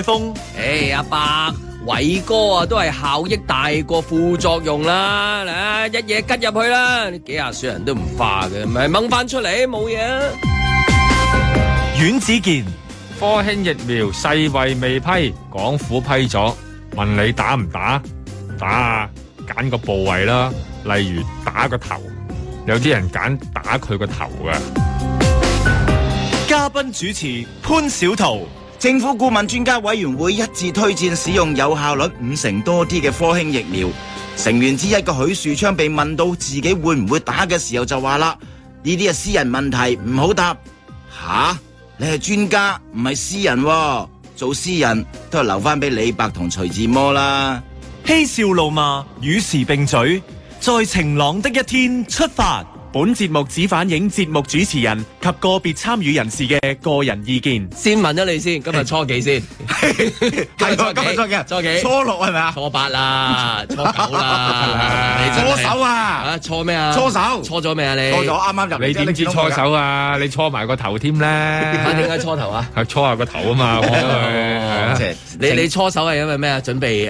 海風，誒、哎，阿伯偉哥啊，都係效益大過副作用啦，嚟一嘢吉入去啦，幾廿歲人都唔化嘅，咪掹翻出嚟冇嘢。阮、啊、子健科興疫苗世衛未批，港府批咗，問你打唔打？打啊，揀個部位啦，例如打個頭，有啲人揀打佢個頭啊。嘉賓主持潘小桃。政府顧問專家委員會一致推薦使用有效率五成多啲嘅科興疫苗。成員之一嘅許樹昌被問到自己會唔會打嘅時候就話啦：呢啲係私人問題，唔好答。吓、啊，你係專家唔係私人，哦，做私人都係留翻俾李白同徐志摩啦。嬉笑怒罵，與時並舉，在晴朗的一天出發。本節目只反映節目主持人及個別參與人士嘅個人意見。先問咗你先，今日初幾先？係初幾？今日初幾？初幾？初六係咪啊？初八啦，初九啦，搓手啊！啊，搓咩啊？搓手，搓咗未啊？你？搓咗啱啱入嚟。你點知搓手啊？你搓埋個頭添咧？點解搓頭啊？係搓下個頭啊嘛？你你搓手係因為咩啊？準備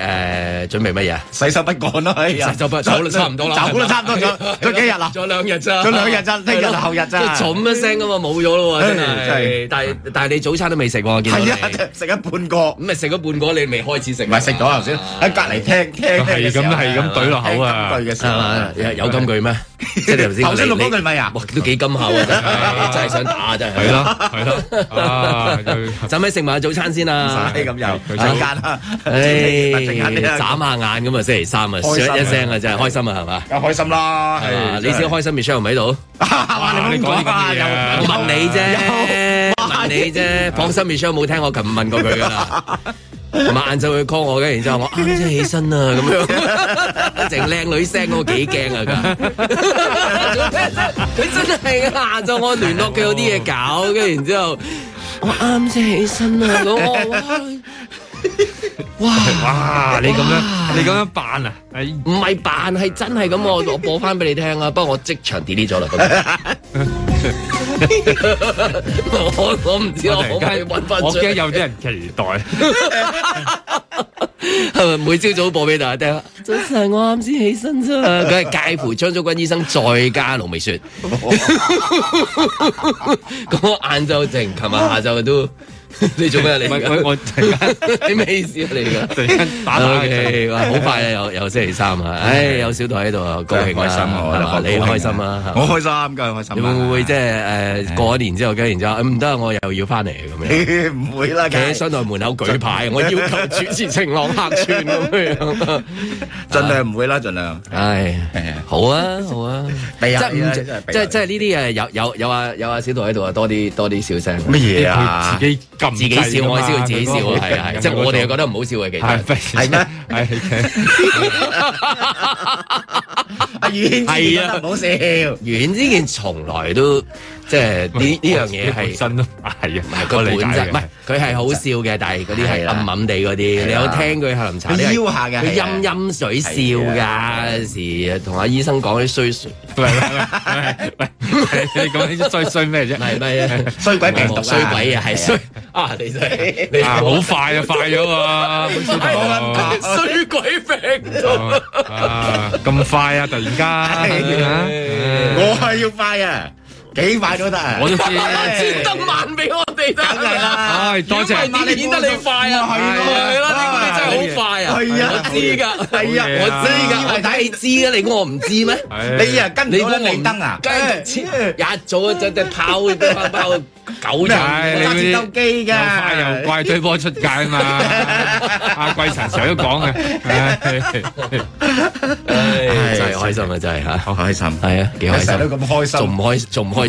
誒，準備乜嘢？洗手不乾咯，洗手不乾，走啦，差唔多啦，走啦，差唔多咗，咗幾日啦？咗兩日啫。咁兩日咋？聽日後日咋？真，咁一聲㗎嘛，冇咗咯喎，真係真係，但係但係你早餐都未食過。見到你係啊，食咗半個，咁咪食咗半個，你未開始食？唔係食咗頭先喺隔離聽聽，係咁係咁懟落口啊，有金句咩？即頭先六蚊佢咪係啊，哇都幾金口啊，真係想打真係。係咯係咯，啊，使食埋早餐先啊？咁又一間啦，唉，眨下眼咁啊，星期三啊，一聲啊，真係開心啊係嘛，梗開心啦，你先開心，Michelle 唔喺度，你我問你啫，我問你啫，放心 Michelle 冇聽我琴日問過佢噶啦。晏晝佢 call 我嘅，然之後我啱先起身啊，咁樣，成靚 女聲我，我幾驚啊，佢真係啊！晏晝我聯絡佢有啲嘢搞，跟住 然之後我啱先起身啊，咁我哇哇，哇你咁樣，哇你咁樣扮啊？唔係哇扮，係真係咁我我播翻俾你聽啊！不過我即場 delete 咗啦。 我我唔知，我梗係我驚有啲人期待，係 咪每朝早播俾大家聽？早晨，我啱先起身啫。佢係介乎張竹君醫生，再加龍尾雪。 個晏晝靜，琴日下晝都。你做咩嚟噶？你咩意思嚟噶？突然間打到我，好快啊！又又星期三啊！唉，有小度喺度啊，高興開心我啦，你開心啦，我開心梗係開心。會唔會即係誒過咗年之後，跟住然之後唔得，我又要翻嚟咁樣？唔會啦，企喺商台門口舉牌，我要求主持晴朗客串咁樣。盡量唔會啦，盡量。唉，好啊，好啊。即係即係即係呢啲誒，有有有阿有阿小度喺度啊，多啲多啲笑聲。乜嘢啊？自己。自己笑我先會自己笑，係係，即係我哋又覺得唔好笑嘅，啊，其實係咩？係啊，阿遠、 啊、覺得唔好笑，遠之、啊、件從來都。即係呢呢樣嘢係真咯，係啊，唔係佢本質，唔係佢係好笑嘅，但係嗰啲係冧冧地嗰啲。你有聽佢行茶？佢腰下嘅，佢陰陰水笑噶。有時同阿醫生講啲衰衰。喂喂喂喂，你講啲衰衰咩啫？係咪衰鬼病毒？衰鬼啊，係衰啊！你你啊，好快啊，快咗嘛？衰鬼病毒啊！咁快啊！突然間，我係要快啊！幾快都得啊！我都知，知得慢俾我哋都。梗係啦，多謝，多謝。點得你快啊？係咯，係咯，呢個你真係好快啊！我知噶，係啊，我知噶，唔係睇你知啊？你估我唔知咩？你啊跟，你估你登啊？雞毛錢，一早就就跑跑九場，鬥雞噶，又怪對方出界嘛？阿貴成日都講嘅，真係開心啊！真係吓，好開心，係啊，幾開心，成日都咁開心，仲唔開？仲唔開？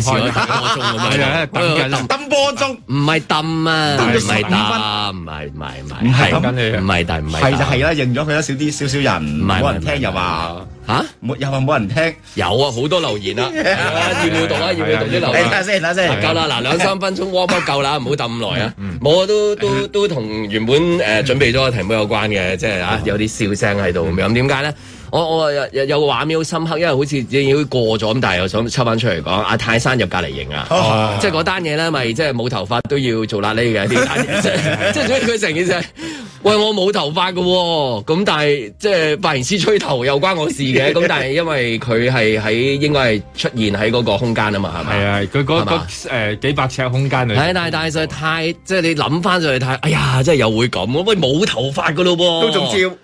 少波鐘唔係抌啊，唔係打，唔係唔係唔係，唔係但係唔係，係就係啦，認咗佢啦，少啲少少人，冇人聽又話吓，又話冇人聽，有啊，好多留言啊，要唔要讀啊？要唔要讀啲留言？等下先，等下先，夠啦，嗱，兩三分鐘，波波夠啦，唔好抌咁耐啊，冇啊，都都都同原本誒準備咗個題目有關嘅，即係啊，有啲笑聲喺度，咁點解咧？我我有有個畫面好深刻，因為好似已經過咗咁，但係又想抽翻出嚟講。阿泰山入隔離營啊，哦哦、即係嗰單嘢咧，咪即係冇頭髮都要做拉力嘅啲嘢，即係所以佢成件事，喂，我冇頭髮嘅、哦，咁但係即係髮型師吹頭又關我事嘅，咁 但係因為佢係喺應該係出現喺嗰個空間啊嘛，係咪？係啊，佢嗰個幾百尺空間啊，係，但係但係實在太即係你諗翻上去睇，哎呀，真係、哎、又會咁，喂、哎，冇頭髮嘅咯喎， 都仲照。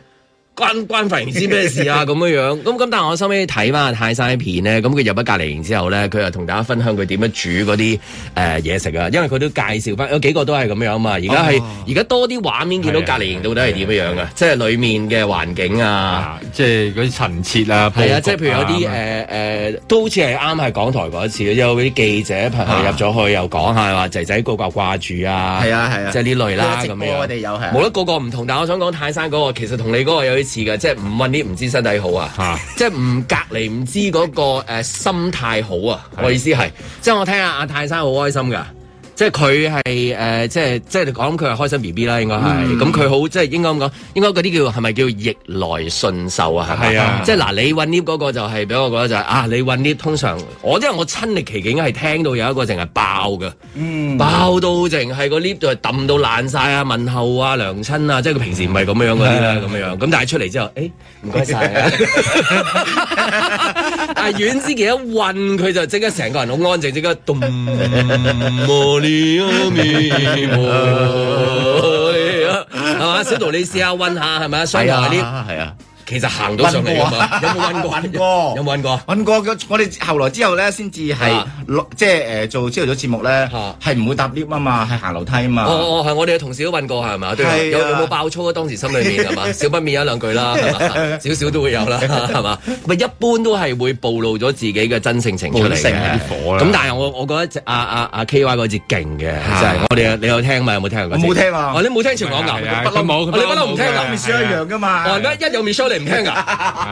關關肥唔知咩事啊，咁嘅樣，咁咁但係我收尾睇翻泰山片咧，咁佢入咗隔離營之後咧，佢又同大家分享佢點樣煮嗰啲誒嘢食啊，因為佢都介紹翻有幾個都係咁樣啊嘛，而家係而家多啲畫面見到隔離營到底係點樣啊？即係裏面嘅環境啊，即係嗰啲陳設啊，係啊，即係譬如有啲誒誒，都好似係啱係港台嗰一次，有啲記者入咗去又講下話仔仔個個掛住啊，係啊係啊，即係呢類啦咁樣，我哋有係，冇得個個唔同，但我想講泰山嗰個其實同你嗰個有。即係唔問啲唔知身體好啊，啊即係唔隔離唔知嗰、那個、呃、心態好啊，我意思係，是的 即係我聽下阿、啊、泰山好開心㗎。即係佢係誒，即係即係你講佢係開心 B B 啦，應該係咁。佢好、嗯嗯、即係應該咁講，應該嗰啲叫係咪叫逆來順受啊？係啊，吧即係嗱，你揾 lift 嗰個就係、是、俾我覺得就係、是、啊，你揾 lift 通常我即係我親歷其境，係聽到有一個淨係爆㗎，嗯、爆到淨係個 lift 度揼到爛晒啊！問候啊，娘親啊，即係佢平時唔係咁樣嗰啲啦，咁、啊、樣咁，但係出嚟之後，誒唔該晒。 但阿阮之琪一揾佢就即刻成個人好安靜，即刻 係嘛，？ 小童你試下溫下係咪啊，上下啲係啊。提議提議其實行到上嚟嘛，有冇問過？有冇問過？問過我哋後來之後咧，先至係即係誒做朝頭早節目咧，係唔會搭 lift 啊嘛，係行樓梯啊嘛。我哋嘅同事都問過係嘛？有冇爆粗啊？當時心裡面係嘛？少不免一兩句啦，少少都會有啦，係嘛？咪一般都係會暴露咗自己嘅真性情出嚟嘅。火啦！咁但係我我覺得阿阿阿 KY 嗰次勁嘅，就係我哋你有聽嘛？有冇聽？我冇聽喎，你冇聽潮講牛？不嬲冇，你不嬲唔聽一樣㗎嘛？一有 show 唔聽噶，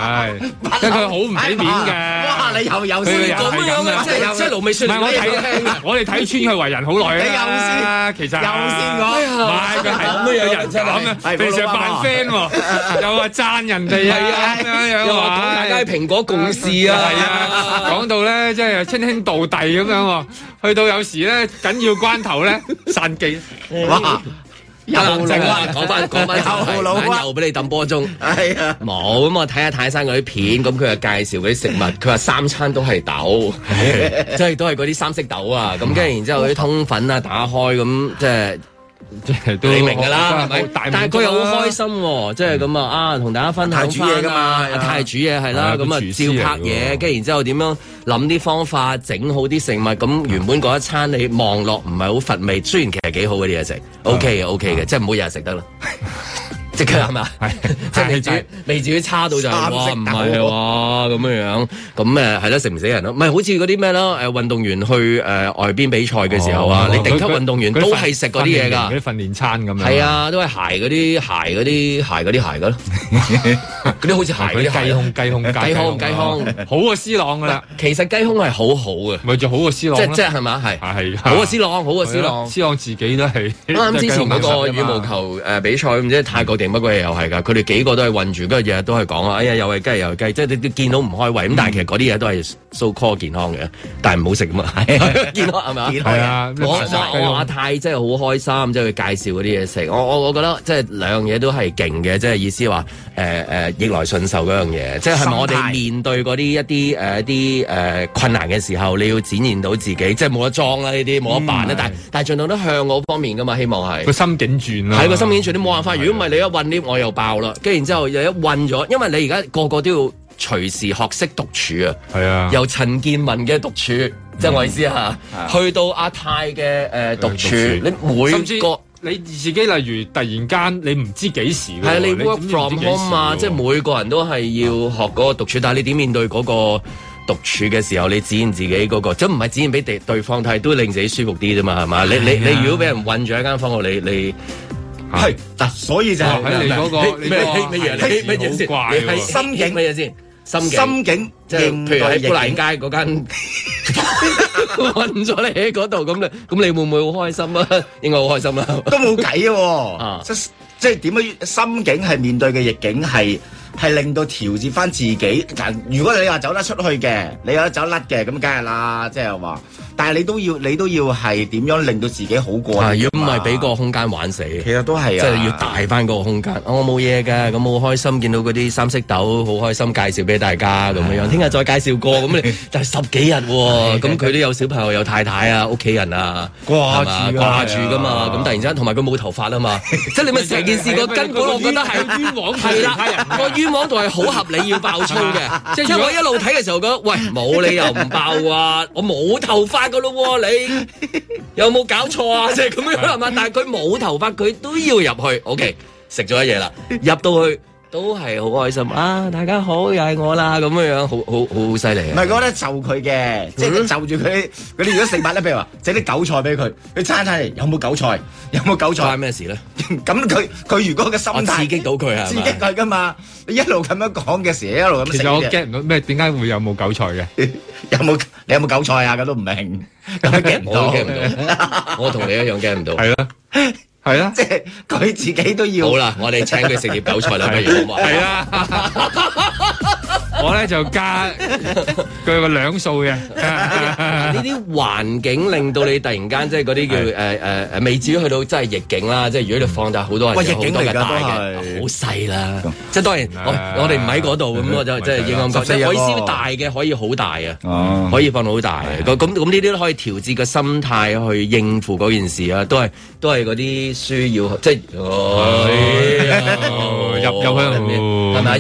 係即係佢好唔畀面嘅。哇！你又又先做乜樣嘅？即係即係勞未說。唔係我睇，我哋睇穿佢為人好耐啦。你又先啊？其實又先我。唔係佢係乜嘢人啫？諗啊，成日扮 friend 喎，又話讚人哋啊，又話大家蘋果共事啊，講到咧，即係稱兄道弟咁樣，去到有時咧，緊要關頭咧，散機。又老啦！講翻講翻，又老俾你抌波鐘，係啊， 冇咁我睇下泰山嗰啲片，咁佢又介紹嗰啲食物，佢話三餐都係豆，即係 都係嗰啲三色豆啊，咁跟住然之後啲通粉啊，打開咁即係。即係都你明噶啦，係咪？但係佢又好開心喎，即係咁啊！啊，同大家分享下煮嘢噶嘛，太煮嘢係啦，咁啊照拍嘢，跟住然之後點樣諗啲方法整好啲食物，咁原本嗰一餐你望落唔係好乏味，雖然其實幾好嗰啲嘢食，OK 嘅 OK 嘅，即係唔好日日食得啦。即刻係嘛？係未煮自己差到就啱唔係喎咁樣樣。咁誒係啦，食唔死人咯。唔係好似嗰啲咩啦？誒運動員去誒外邊比賽嘅時候啊，你頂級運動員都係食嗰啲嘢㗎，嗰啲訓練餐咁樣。係啊，都係鞋嗰啲鞋，嗰啲鞋，嗰啲鞋㗎。嗰啲好似鞋。雞胸，雞胸，雞胸，雞胸，好過師朗㗎啦。其實雞胸係好好嘅，咪就好過師朗。即，即係嘛？係好過師朗，好過師朗，師朗自己都係啱啱之前嗰個羽毛球誒比賽，唔知泰國不過又係噶，佢哋幾個都係混住，跟住日日都係講啊，哎呀又係雞又係雞，即係你你見到唔開胃咁，但係其實嗰啲嘢都係 so call 健康嘅，但係唔好食咁啊！健康係咪啊？係啊，我我阿泰真係好開心，即係佢介紹嗰啲嘢食，我我我覺得即係兩樣嘢都係勁嘅，即係意思話誒誒逆來順受嗰樣嘢，即係係咪我哋面對嗰啲一啲誒一啲誒困難嘅時候，你要展現到自己，即係冇得裝啦呢啲，冇得扮啦，但係但係盡量都向好方面噶嘛，希望係個心境轉啦，係個心境轉，你冇辦法，如果唔係你混 l 我又爆啦，跟住之後又一混咗，因為你而家個個都要隨時學識獨處啊。係啊，由陳建文嘅獨處，即係我意思嚇，去到阿泰嘅誒獨處，你每個甚至你自己例如突然間你唔知幾時係你 work from home 啊，即係每個人都係要學嗰個獨處，但係你點面對嗰個獨處嘅時候，你展現自己嗰個，即唔係展現俾對對方睇，都令自己舒服啲啫嘛，係嘛？你你你如果俾人混住一間房度，你你。係嗱，所以就喺你嗰個咩咩嘢咧？咩嘢先？係心境咩嘢先？心境即係，譬如喺布蘭街嗰間，搵咗你喺嗰度咁咧，咁你會唔會好開心啊？應該好開心啦，都冇計喎。即即係點樣？心境係面對嘅逆境係係令到調節翻自己。嗱，如果你話走得出去嘅，你有得走甩嘅，咁梗係啦，即係話。但係你都要，你都要係點樣令到自己好過？如果唔係俾個空間玩死。其實都係啊，即係要大翻個空間。我冇嘢㗎，咁好開心見到嗰啲三色豆，好開心介紹俾大家咁樣。聽日再介紹過咁，你，就十幾日喎。咁佢都有小朋友、有太太啊、屋企人啊，掛住掛住㗎嘛。咁突然之間，同埋佢冇頭髮啊嘛，即係你咪成件事個根本我覺得係冤枉。係啦，個冤枉度係好合理要爆粗嘅，即係我一路睇嘅時候覺得，喂，冇理由唔爆啊！我冇頭髮！啊！個咯你 有冇搞錯啊？就係咁樣啊嘛！但係佢冇頭髮，佢都要入去。OK，食咗一嘢啦，入到去。都係好開心啊！大家好，又係我啦咁樣樣，好好好好犀利啊！唔係講咧，就佢嘅，即係就住佢嗰啲。如果食物咧，譬如話整啲韭菜俾佢，佢攤攤嚟，有冇韭菜？有冇韭菜？係咩事咧？咁佢佢如果個心刺激到佢啊刺激佢㗎嘛？你一路咁樣講嘅時，一路咁。其實我驚唔到咩？點解會有冇韭菜嘅？有冇你有冇韭菜啊？咁都唔明，咁驚唔到。我同你一樣驚唔到。係啦。係啦，即係佢自己都要。好啦， 我哋請佢食碟韭菜啦， 不如好話。係啦。我咧就加佢個兩數嘅，呢啲環境令到你突然間即係啲叫誒誒誒，未至於去到真係逆境啦。即係如果你放大好多人，逆境嚟噶都係好細啦。即係當然我我哋唔喺度咁，我就即係影響覺。即係鬼燒大嘅可以好大啊，可以放到好大。咁咁咁呢啲都可以調節個心態去應付件事啊。都係都係啲需要即係入入去，係咪啊？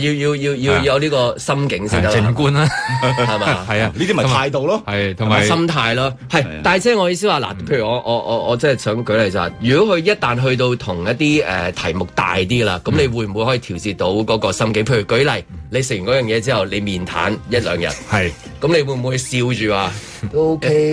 要要要要有呢個心。整成景觀啦、啊 吧，係嘛？係啊，呢啲咪態度咯，係同埋心態咯，係。啊、但係即係我意思話嗱，譬如我、嗯、我我我即係想舉例就係，如果佢一旦去到同一啲誒、呃、題目大啲啦，咁你會唔會可以調節到嗰個心境？譬、嗯、如舉例，你食完嗰樣嘢之後，你面癱一兩日係。咁你會唔會笑住話啊？OK，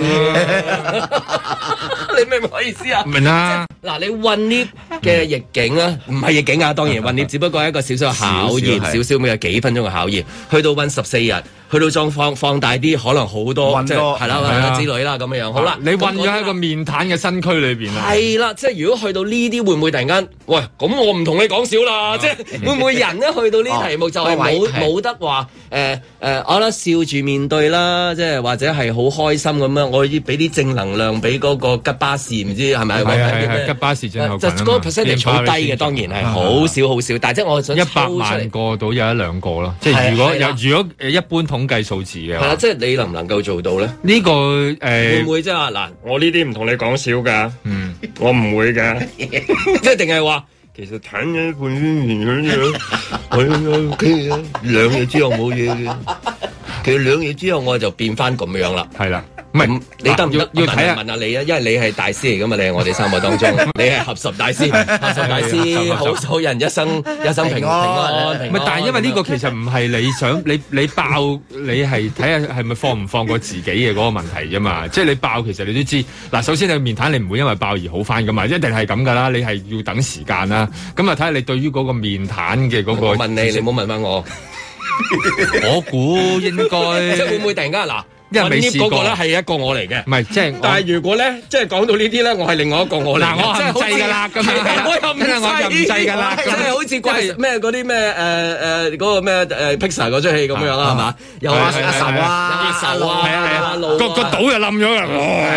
你明唔明我意思啊？明啊！嗱， 你混呢嘅逆境啊，唔係逆境啊，當然混呢只不過係一個小小嘅考驗，少少有幾分鐘嘅考驗，去到運十四日。去到再放放大啲，可能好多，即係係啦之類啦咁嘅樣。好啦，你困咗喺個面癱嘅身軀裏邊啦。係啦，即係如果去到呢啲，會唔會突然間？喂，咁我唔同你講笑啦，即係會唔會人一去到呢題目就係冇冇得話？誒誒，我咧笑住面對啦，即係或者係好開心咁樣，我依俾啲正能量俾嗰個吉巴士，唔知係咪？係係係吉巴士最後。就嗰個 percentage 好低嘅，當然係好少好少。但係即係我想一百萬個到有一兩個咯。即係如果有如果一般同。統計數字啊，係啦，即係你能唔能夠做到咧？呢個誒會唔會即係阿蘭？我呢啲唔同你講少噶，嗯，我唔會嘅， 即係定係話， 其實坦一半煙煙、 哎哎、兩樣，一樣 o 兩日之後冇嘢嘅，其實兩日之後我就變翻咁樣啦，係啦。唔，你得唔得？要睇下，問下你啊，因為你係大師嚟噶嘛，你係我哋三個當中，你係合十大師，合十大師，好好人一生一生平安。唔係，但係因為呢個其實唔係你想你你爆，你係睇下係咪放唔放過自己嘅嗰個問題啫嘛。即係你爆，其實你都知嗱。首先你面癱，你唔會因為爆而好翻噶嘛，一定係咁噶啦。你係要等時間啦。咁啊，睇下你對於嗰個面癱嘅嗰個，我問你，你唔好問翻我。我估應該即係會唔會突然間嗱？因為未試過咧，係一個我嚟嘅，唔係即係。但係如果咧，即係講到呢啲咧，我係另外一個我嚟我真係滯㗎啦咁啊！我又唔制㗎啦，即係好似關咩嗰啲咩誒誒嗰個咩誒 Pixar 嗰出戲咁樣啦，係嘛？又話仇啊，結仇啊，各個島又冧咗人，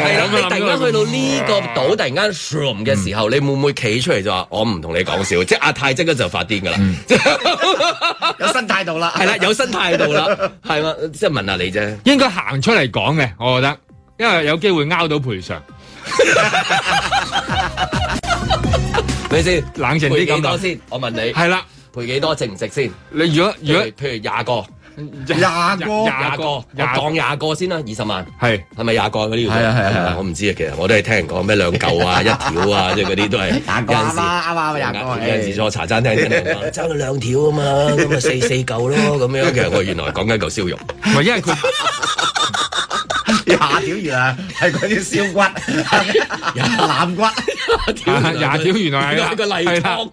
係咁。你突然間去到呢個島，突然間 short 嘅時候，你會唔會企出嚟就話我唔同你講笑？即係阿泰即刻就發癲㗎啦，有新態度啦，係啦，有新態度啦，係嘛？即係問下你啫，應該行。出嚟講嘅，我覺得，因為有機會拗到賠償。你先冷靜啲講先，我問你，係啦，賠幾多值唔值先？你如果如果譬如廿個。廿個廿個，我講廿個先啦，二十萬係係咪廿個佢呢度？係啊係啊，我唔知啊，其實我都係聽人講咩兩嚿啊，一條啊，即係嗰啲都係廿個啱啱廿個，我茶餐廳爭咗兩條啊嘛，咁啊四四嚿咯，咁樣其實我原來講緊嚿燒肉，係因為佢廿條原來啊，係嗰啲燒骨、腩骨，廿條原來係啊，一個例湯。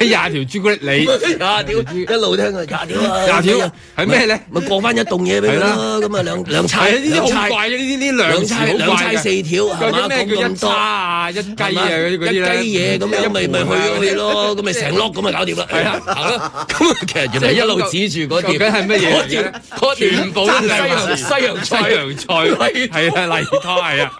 廿條朱古力，你廿條朱一路聽佢廿條啊，廿條係咩咧？咪過翻一棟嘢俾佢咯。咁啊兩兩叉，呢啲好怪咧，呢啲啲兩叉，兩叉四條係嘛？咁咁多啊，一計嘢嗰啲嗰啲咧，一雞嘢咁樣咪咪去咯。咁咪成碌咁咪搞掂啦。係啊，行咯。咁啊，其實原來一路指住嗰條，梗係乜嘢嘅？全部都西洋西洋西洋菜，係係泥沙，係啊，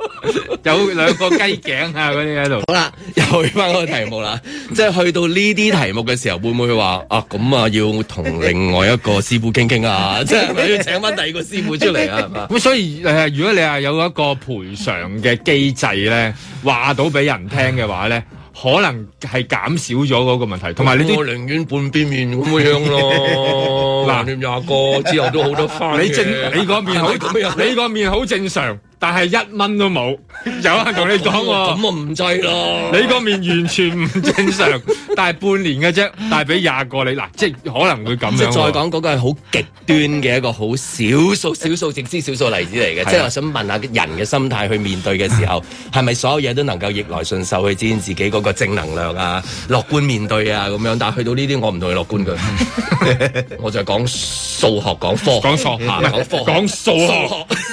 有兩個雞頸啊，嗰啲喺度。好啦，又去翻個題目啦，即係去到。呢啲題目嘅時候會唔會話啊？咁啊，要同另外一個師傅傾傾啊，即、就、係、是、要請翻第二個師傅出嚟啊！係嘛？咁 所以誒、呃，如果你係、呃、有一個賠償嘅機制咧，話到俾人聽嘅話咧，可能係減少咗嗰個問題。同埋你都、嗯、我寧願半邊面咁嘅樣咯，難攣廿個之後都好多翻 你正，你個面好， 你個面好正常。但係一蚊都冇，有啊！同你講喎，咁我唔追咯。你個面完全唔正常，但係半年嘅啫，但係俾廿個你嗱，即係可能會咁樣。即係再講嗰個係好極端嘅一個好少數、少數、極之、少數例子嚟嘅，即係我想問下人嘅心態去面對嘅時候，係咪所有嘢都能夠逆來順受去展現自己嗰個正能量啊、樂觀面對啊咁樣？但係去到呢啲，我唔同佢樂觀嘅，我就係講數學、講科、講錯吓、講科、講數學、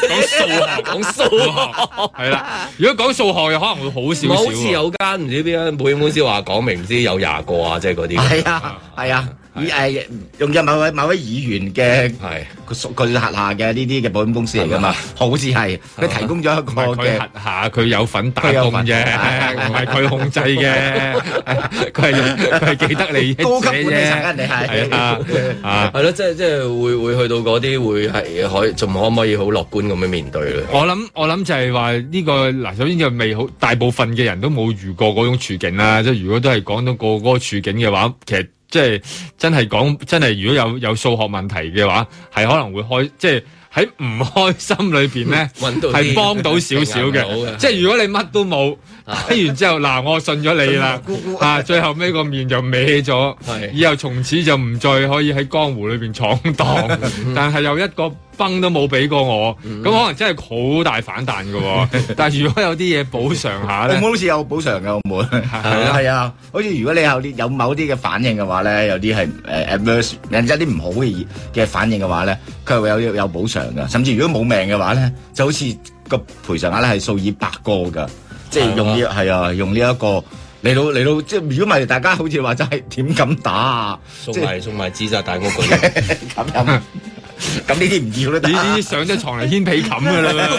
講數學、講。係啦， 如果講數學又可能會好少少。我好似有間唔知邊樣，每每次話講明唔知有廿個啊，即係嗰啲。係啊，係啊。以誒用咗某位某位議員嘅，係佢屬佢轄下嘅呢啲嘅保險公司嚟㗎嘛，好似係佢提供咗一個嘅，下佢有份打工啫，唔係佢控制嘅，佢係佢係記得你高級顧問嚟嘅，你係係啊，係咯，即係即係會會去到嗰啲會係可仲可唔可以好樂觀咁樣面對？我諗我諗就係話呢個嗱，首先就未好，大部分嘅人都冇遇過嗰種處境啦。即係如果都係講到個嗰個處境嘅話，其實。即係真係講真係，如果有有數學問題嘅話，係可能會開，即係喺唔開心裏邊咧，係 天幫到少少嘅。即係如果你乜都冇。跟完之後，嗱，我信咗你啦，姑姑啊，最後尾個面就歪咗，是以後從此就唔再可以喺江湖裏邊闖蕩。 但係又一個崩都冇俾過我，咁 可能真係好大反彈嘅。 但係如果有啲嘢補償下咧，我好似有補償嘅，唔會係啊，好似如果你有啲有某啲嘅反應嘅話咧，有啲係誒 a d 啲唔好嘅嘅反應嘅話咧，佢會有有補償嘅，甚至如果冇命嘅話咧，就好似個賠償額咧係數以百個嘅。即係用呢，係吧啊，用呢、這、一個嚟到嚟到，即係如果唔係，大家好似話真係點敢打啊？送埋來是送埋紫色大哥佢咁樣。 咁呢啲唔要啦，啊，呢啲上咗床嚟掀被冚噶啦，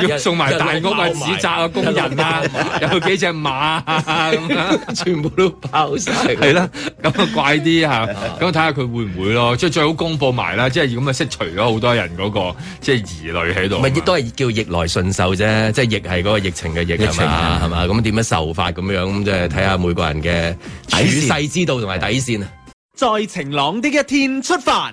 要送埋大屋啊，紙紮啊，工人啊， 有幾隻馬咁，啊， 全部都爆晒。係啦，咁啊怪啲吓，咁睇下佢會唔會咯，即係最好公佈埋啦，即係咁啊，釋除咗好多人嗰，嗰個即係疑慮喺度，唔係亦都係叫逆來順受啫，即係逆係嗰個疫情嘅逆啊嘛，係嘛情，咁點樣受法咁樣咁即係睇下每個人嘅處世之道同埋底線啊，在 晴朗啲嘅天出發。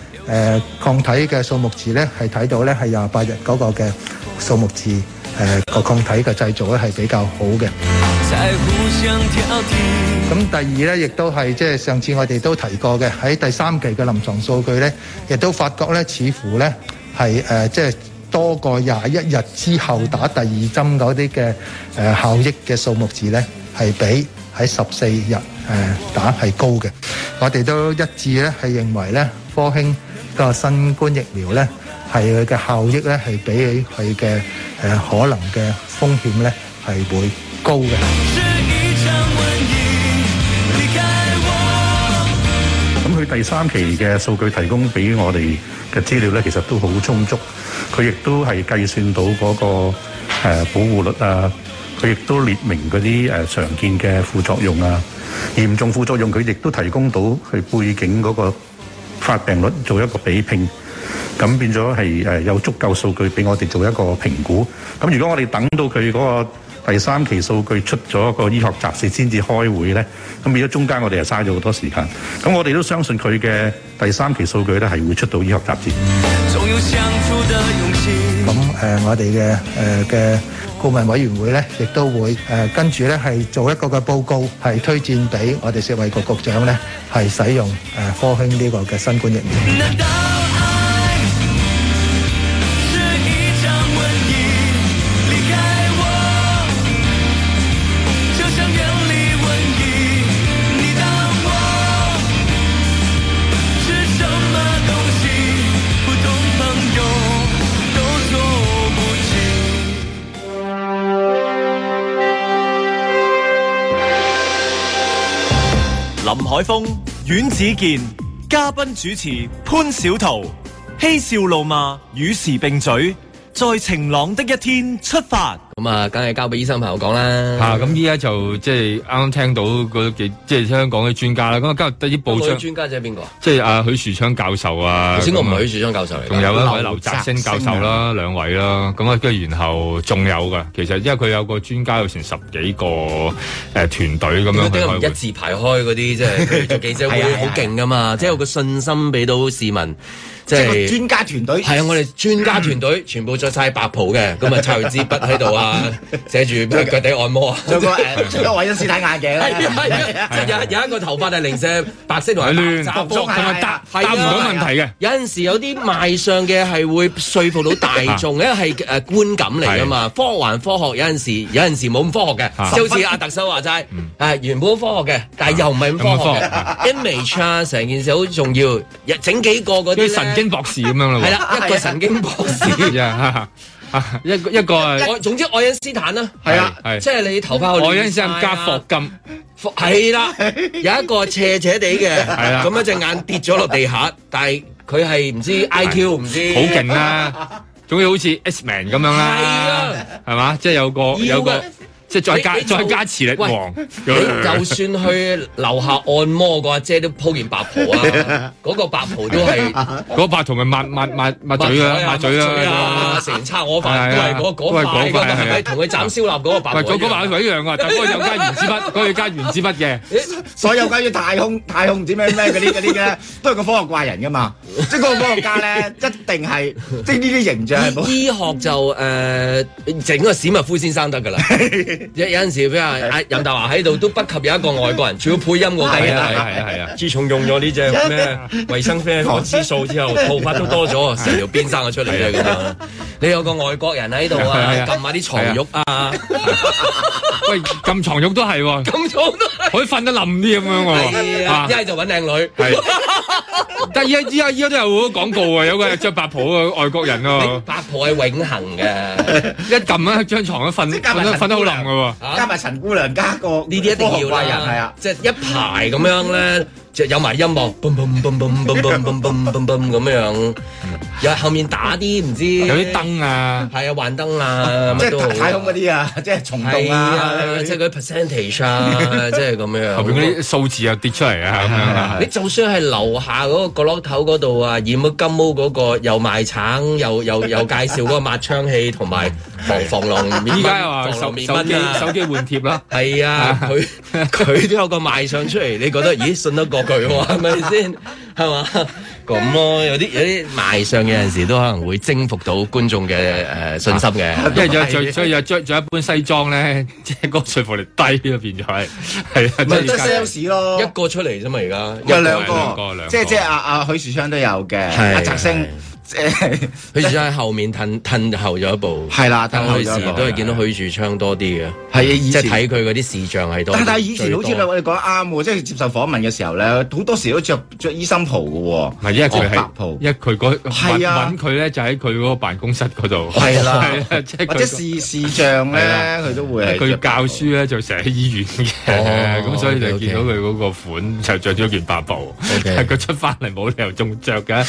誒、呃、抗體嘅數目字咧，係睇到咧係廿八日嗰個嘅數目字，誒、呃、個抗體嘅製造咧係比較好嘅。咁 第二咧，亦都係即係上次我哋都提過嘅，喺第三期嘅臨床數據咧，亦都發覺咧，似乎咧係誒即係多過廿一日之後打第二針嗰啲嘅誒效益嘅數目字咧，係比喺十四日誒、呃、打係高嘅。我哋都一致咧係認為咧科興個新冠疫苗咧，係佢嘅效益咧，係比起佢嘅誒可能嘅風險咧，係會高嘅。咁佢第三期嘅數據提供俾我哋嘅資料咧，其實都好充足。佢亦都係計算到嗰個誒保護率啊，佢亦都列明嗰啲誒常見嘅副作用啊，嚴重副作用，佢亦都提供到佢背景嗰個。發病率做一個比拼，咁變咗係誒有足夠數據俾我哋做一個評估。咁如果我哋等到佢嗰個第三期數據出咗個醫學雜誌先至開會咧，咁變咗中間我哋又嘥咗好多時間。咁我哋都相信佢嘅第三期數據咧係會出到醫學雜誌。咁誒，我哋嘅誒嘅。顧問委員會咧，亦都會誒、呃、跟住咧，係做一個嘅報告，係推薦俾我哋食衞局局長咧，係使用誒、呃、科興呢個嘅新冠疫苗。風阮子健，嘉賓主持潘小桃，嬉笑怒罵與時並嘴。在晴朗的一天出發，咁啊，梗係交俾醫生朋友講啦。嚇、啊，咁依家就即係啱啱聽到嗰幾，即係香港嘅專家啦。咁啊，今日得啲報出專家即係邊個？即係阿許樹昌教授啊。頭先我唔係許樹昌教授嚟。仲有啊，有一位劉澤星教授啦、啊，啊、兩位啦。咁啊，跟住然後仲有噶，其實因為佢有個專家有成十幾個誒團隊咁樣。嗰啲一字排開嗰啲，即係 做記者會好勁噶嘛， 是啊、即係有個信心俾到市民。即係專家團隊係啊！我哋專家團隊全部着晒白袍嘅，咁啊，插住支筆喺度啊，寫住咩腳底按摩啊，仲有 個誒，位有時戴眼鏡，係係有有一個頭髮係零舍白色同埋雜亂係啊，答唔到問題嘅、啊。有陣時有啲賣相嘅係會說服到大眾嘅，因為係誒觀感嚟㗎嘛。科學還科學，有陣時有陣時冇咁科學嘅。就好似阿特首話齋。嗯係原本科學嘅，但係又唔係咁科學。Image 啊，成件事好重要，又整幾個嗰啲。跟神經博士咁樣啦，一個神經博士啊，一一個。我總之愛因斯坦啦，係啊，即係你頭髮愛因斯坦加霍金，係啦，有一個斜斜地嘅，咁一隻眼跌咗落地下，但係佢係唔知 IQ 唔知。好勁啦，總之好似 X-Man 咁樣啦，係嘛？即係有個有個。即係再加再加磁力王，你就算去樓下按摩個阿姐都鋪件白袍啊！嗰個白袍都係嗰白同咪抹抹抹嘴啊，抹嘴啊，成叉我塊，喂嗰嗰塊同佢斬燒臘嗰個白袍，嗰嗰塊係一樣噶，但係又加原子筆，嗰要加原子筆嘅，所有關於太空太空唔知咩咩嗰啲嗰啲咧，都係個科學怪人噶嘛，即係嗰個科學家咧一定係即係呢啲形象。醫醫學就誒整個史密夫先生得噶啦。有有陣時，譬如阿任達華喺度都不及有一個外國人，除咗配音喎。係啊係啊係啊！自從用咗呢隻咩衞生粉、抗脂素之後，頭髮都多咗，成條辮生咗出嚟啦。你有個外國人喺度啊，撳埋啲牀褥啊，喂，撳牀褥都係喎，撳牀都可以瞓得冧啲咁樣喎。一係就揾靚女，但依家依家依家都有好多廣告喎，有個著白袍嘅外國人喎。白袍係永恆嘅，一撳喺張牀嗰瞓瞓得瞓得好冧。加埋陳姑娘加個呢啲一定要啦，係啊對，即係一排咁樣咧。就有埋音樂，嘣嘣嘣嘣嘣嘣嘣嘣嘣咁樣，有後面打啲唔知有啲燈啊，係啊，幻燈啊，即係太空嗰啲啊，即係蟲洞啊，即係個 percentage 啊，即係咁樣。後邊嗰啲數字又跌出嚟啊，你就算係樓下嗰個角落頭嗰度啊，染咗金毛嗰個又賣橙，又又又介紹嗰個抹窗器同埋防防狼面，依家又受面，手機手機換貼啦。係啊，佢佢都有個賣相出嚟，你覺得咦信得過？係咪先？係嘛，咁咯，有啲有啲賣相，有陣時都可能會征服到觀眾嘅誒信心嘅。因為着着着着着一般西裝咧，即係個說服力低咗，變咗係係咪得 sales 咯，一個出嚟啫嘛，而家有兩個，即係即係阿阿許樹昌都有嘅，阿澤星。啊誒，許樹昌喺後面褪褪後咗一步，係啦，褪後咗一步，都係見到許樹昌多啲嘅，係啊，即係睇佢嗰啲視像喺度。但係以前好似我哋講得啱，即係接受訪問嘅時候咧，好多時都着着醫生袍嘅，唔係，因為佢係白袍，因為佢嗰，係啊，揾佢咧就喺佢嗰個辦公室嗰度，係啦，或者視視像咧，佢都會，佢教書咧就成日喺醫院嘅，咁所以就見到佢嗰個款就着咗件白袍，係佢出翻嚟冇理由仲着嘅，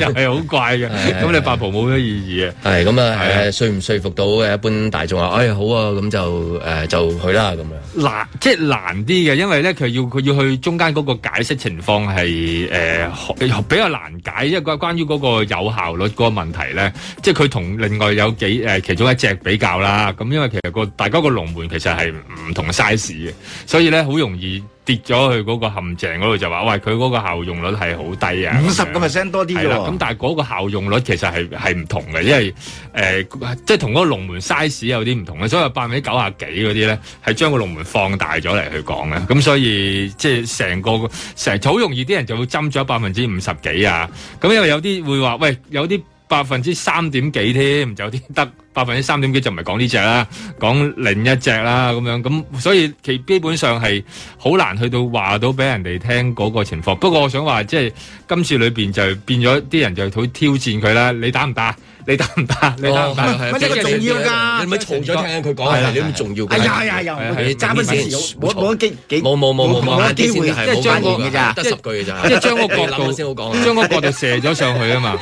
就係好怪。係係嘅，咁、 哎、你八婆冇咩意義啊？係咁啊，説唔説服到誒一般大眾啊？哎呀，好啊，咁、嗯、就誒、哎、就去啦咁樣。難即係、就是、難啲嘅，因為咧佢要佢要去中間嗰個解釋情況係誒、呃、比較難解，因為關關於嗰個有效率嗰個問題咧，即係佢同另外有幾誒、呃、其中一隻比較啦。咁因為其實、那個大家個龍門其實係唔同 size 嘅，所以咧好容易。跌咗去嗰個陷阱嗰度就話，喂，佢嗰個效用率係好低啊，五十個 percent 多啲㗎喎。咁但係嗰個效用率其實係係唔同嘅，因為誒、呃、即係同嗰個龍門 size 有啲唔同啊。所以百分之九十幾嗰啲咧係將個龍門放大咗嚟去講嘅。咁所以即係成個成好容易啲人就會針咗百分之五十幾啊。咁因為有啲會話，喂，有啲。百分之三點幾添，就有啲得百分之三點幾就唔係講呢隻啦，講另一隻啦咁樣，咁所以其實基本上係好難去到話到俾人哋聽嗰個情況。不過我想話，即係今次裏邊就變咗啲人就去挑戰佢啦，你打唔打？你打唔打？你打唔打？唔係呢個重要㗎，你咪嘈咗聽緊佢講係咪？你咁重要？係啊係啊又，揸緊先。冇冇幾幾冇冇冇冇冇得機會係冇得十句就係。即係將個角度，將個角度射咗上去啊嘛。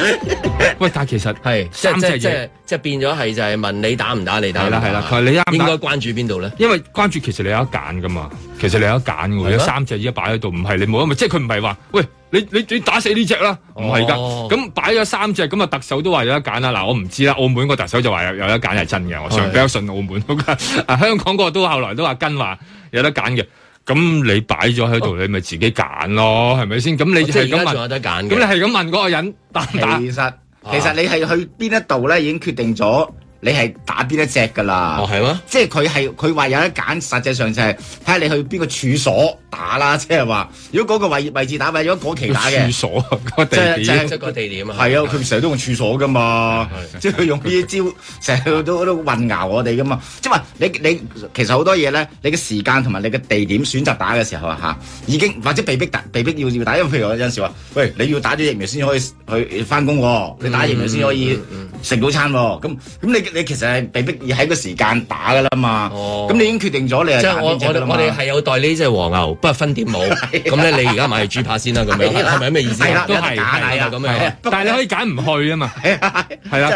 喂，但係其實係三隻，即係即係變咗係就係問你打唔打？你打係啦係啦。你應該關注邊度咧？因為關注其實你有得揀㗎嘛。其實你有得揀㗎喎。有三隻依家擺喺度，唔係你冇，即係佢唔係話喂。你你你打死呢隻啦，唔係㗎，咁、oh. 嗯、擺咗三隻，咁啊特首都話有得揀啦。嗱、嗯，我唔知啦，澳門個特首就話有有得揀係真嘅，的我信比較信澳門。 啊、香港個都後來都話跟話有得揀嘅，咁、嗯、你擺咗喺度，oh. 你咪自己揀咯，係咪先？咁你即係而家仲有得揀嘅，咁你係咁問嗰個人打唔打？其實其實你係去邊一度咧，已經決定咗。你係打邊一隻㗎啦？哦，係咩？即係佢係佢話有得揀，實際上就係睇下你去邊個處所打啦。即係話，如果嗰個位位置打，或咗，嗰期打嘅。處所啊，個地點。即係、即係即係個地點、啊。係啊對，佢成日都用處所㗎嘛。即係用呢招，成日都都混淆我哋㗎嘛。即係話，你你其實好多嘢咧，你嘅時間同埋你嘅地點選擇打嘅時候嚇、啊，已經或者被逼被逼要要打。因為譬如話有陣時話，喂，你要打咗疫苗先可以去翻工喎，你打疫苗先可以食早餐喎。咁咁你，你其實係被逼要喺個時間打嘅啦嘛，咁你已經決定咗你係即係我我哋係有代呢隻黃牛，不過分店冇。咁咧你而家買豬扒先啦咁樣，係咪咁嘅意思啊？都係假嚟啊！咁樣，但係你可以揀唔去啊嘛。係啊，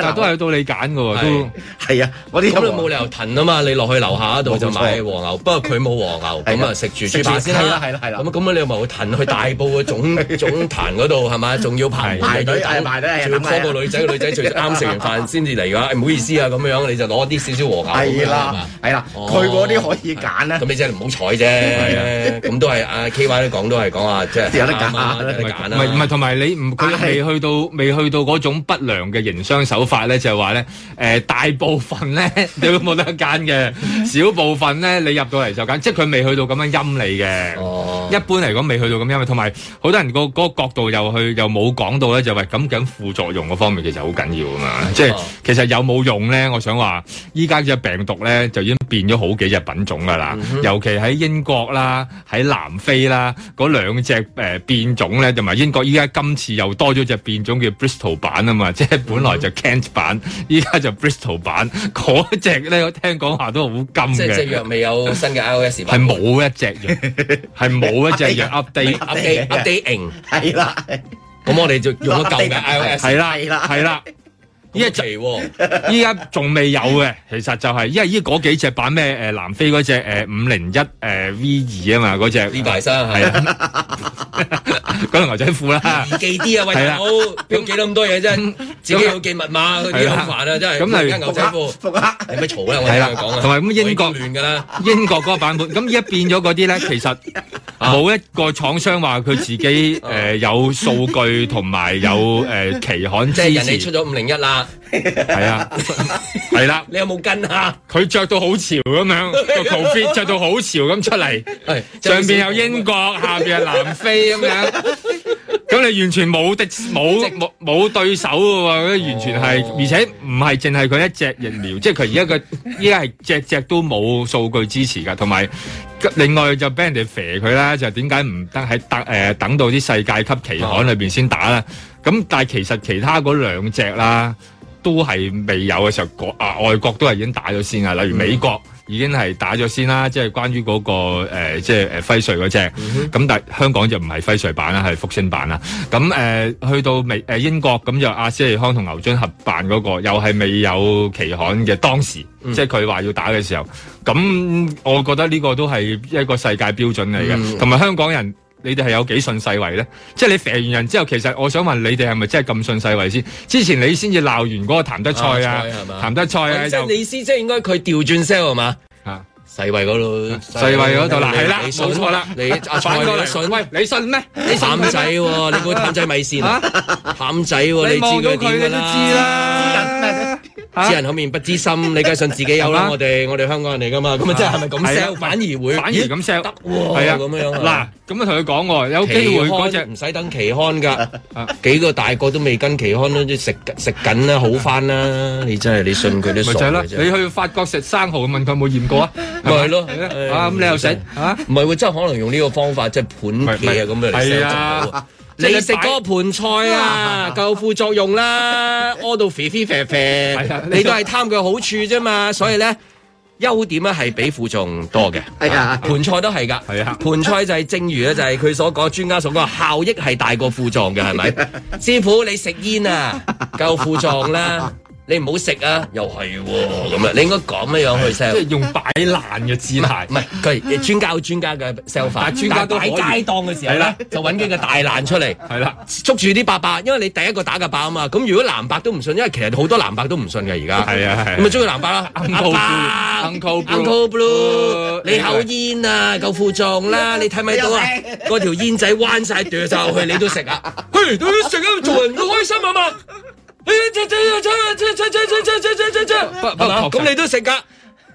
但都係到你揀嘅喎。係啊，我哋冇理由騰啊嘛。你落去樓下度就買黃牛，不過佢冇黃牛，咁啊食住豬扒先啦。係啦係啦，咁咁你咪會騰去大埔嘅總總壇嗰度係咪？仲要排排隊打牌咧，仲拖個女仔個女仔，最啱食完飯先至嚟嘅話，唔好意思。啊咁樣，你就攞啲少少和解。係啦，係啦，佢嗰啲可以揀咧。咁你真係唔好彩啫。咁都係阿 K Y 都講，都係講話即係有得揀啦。唔係唔係，同埋你佢未去到，未去到嗰種不良嘅營商手法咧，就係話咧，誒大部分咧你都冇得揀嘅，小部分咧你入到嚟就揀，即係佢未去到咁樣陰你嘅。一般嚟講，未去到咁陰。同埋好多人個嗰角度又去又冇講到咧，就話咁緊副作用嗰方面其實好緊要啊嘛。即係其實有冇用？咧，我想話，依家隻病毒咧，就已經變咗好幾隻品種噶啦。尤其喺英國啦，喺南非啦，嗰兩隻誒變種咧，同埋英國依家今次又多咗隻變種叫 Bristol 版啊嘛，即係本來就 Kent 版，依家就 Bristol 版嗰隻咧，我聽講下都好金嘅。即係隻藥未有新嘅 iOS，係冇一隻藥，係冇一隻藥 update，update，updating，係啦。咁我哋就用咗舊嘅 iOS，係啦，係啦。依一齊喎，依家仲未有嘅，其實就係因為依嗰幾隻版咩誒南非嗰隻誒五零一誒 V 二啊嘛，嗰隻呢排係啊，講牛仔褲啦，記啲啊，喂，好，要記多咁多嘢真，自己要記密碼，嗰啲好煩啊，真係，咁而家牛仔褲，復黑，你咪嘈啦，我睇喺講同埋咁英國亂噶啦，英國嗰個版本，咁依家變咗嗰啲咧，其實冇一個廠商話佢自己誒有數據同埋有誒期刊，即係人哋出咗五零一啦。係啊，係啦，你有冇跟啊？佢着到好潮咁樣，個球 fit 着到好潮咁出嚟，上邊有英國，下邊係南非咁樣，咁你完全冇敵，冇冇冇對手噶喎，完全係，而且唔係淨係佢一隻疫苗，即係佢而家佢而家係隻隻都冇數據支持噶，同埋另外就俾人哋肥佢啦，就點解唔得？喺等誒等到啲世界級旗艦裏邊先打啦。咁但係其實其他嗰兩隻啦，都係未有嘅時候，國啊外國都係已經打咗先啊，例如美國已經係打咗先啦，即係關於嗰、那個、呃、即係誒輝瑞嗰隻。咁、嗯、哼但係香港就唔係輝瑞版啦，係復星版啦。咁、嗯、誒、呃、去到美誒、呃、英國咁就阿斯利康同牛津合辦嗰、那個，又係未有期刊嘅當時，嗯、哼即係佢話要打嘅時候。咁我覺得呢個都係一個世界標準嚟嘅，同埋、嗯、哼香港人。你哋係有幾信世衛咧？即係你射完人之後，其實我想問你哋係咪真係咁信世衛先？之前你先至鬧完嗰個譚德塞啊，譚德塞啊，即係你意思，即係應該佢調轉 sell 係嘛？嚇世衛嗰度，世衛嗰度啦，係啦，冇錯啦，你啊反信？你信咩？譚仔喎，你估譚仔米線？譚仔喎，你知佢點㗎啦？知人知人口面不知心，你梗係信自己有啦。我哋我哋香港人嚟㗎嘛，咁咪即係係咪咁 sell？反而會反而咁 sell 得喎？係啊，咁樣嗱。咁啊，同佢講，有機會嗰隻唔使等期刊噶，幾個大個都未跟期刊都食食緊啦，好翻啦，你真係你信佢都傻。你去法國食生蚝，問佢有冇驗過啊？咪係咯，啊咁你又食吓？唔係喎，真係可能用呢個方法即係盤嘢咁嚟。係啊，你食嗰個盤菜啊，夠副作用啦，屙到肥肥肥肥，你都係貪佢好處啫嘛，所以咧。優點咧係比負重多嘅，盤的、啊、菜都係㗎，盤的菜就係正如咧就係佢所講， 專家所講效益係大過負重嘅，係咪？ 師傅你食煙啊，夠負重啦。你唔好食啊！又係咁啊！你應該講咩樣去 sell，即係用擺爛嘅姿態，唔係佢，專家有專家嘅 sell 法，專家都喺街檔嘅時候咧，就揾幾個大爛出嚟。係啦，捉住啲伯伯，因為你第一個打嘅伯啊嘛。咁如果藍伯都唔信，因為其實好多藍伯都唔信嘅而家。係啊，咁咪中意藍伯啦。阿爸，uncle blue，uncle blue，你口煙啊，夠負重啦！你睇唔睇到啊？嗰條煙仔彎晒掉曬落去，你都食啊！嘿，你食啊，做人好開心啊嘛！哎呀，即即即即即即即即即即即不不啦，咁你都食噶？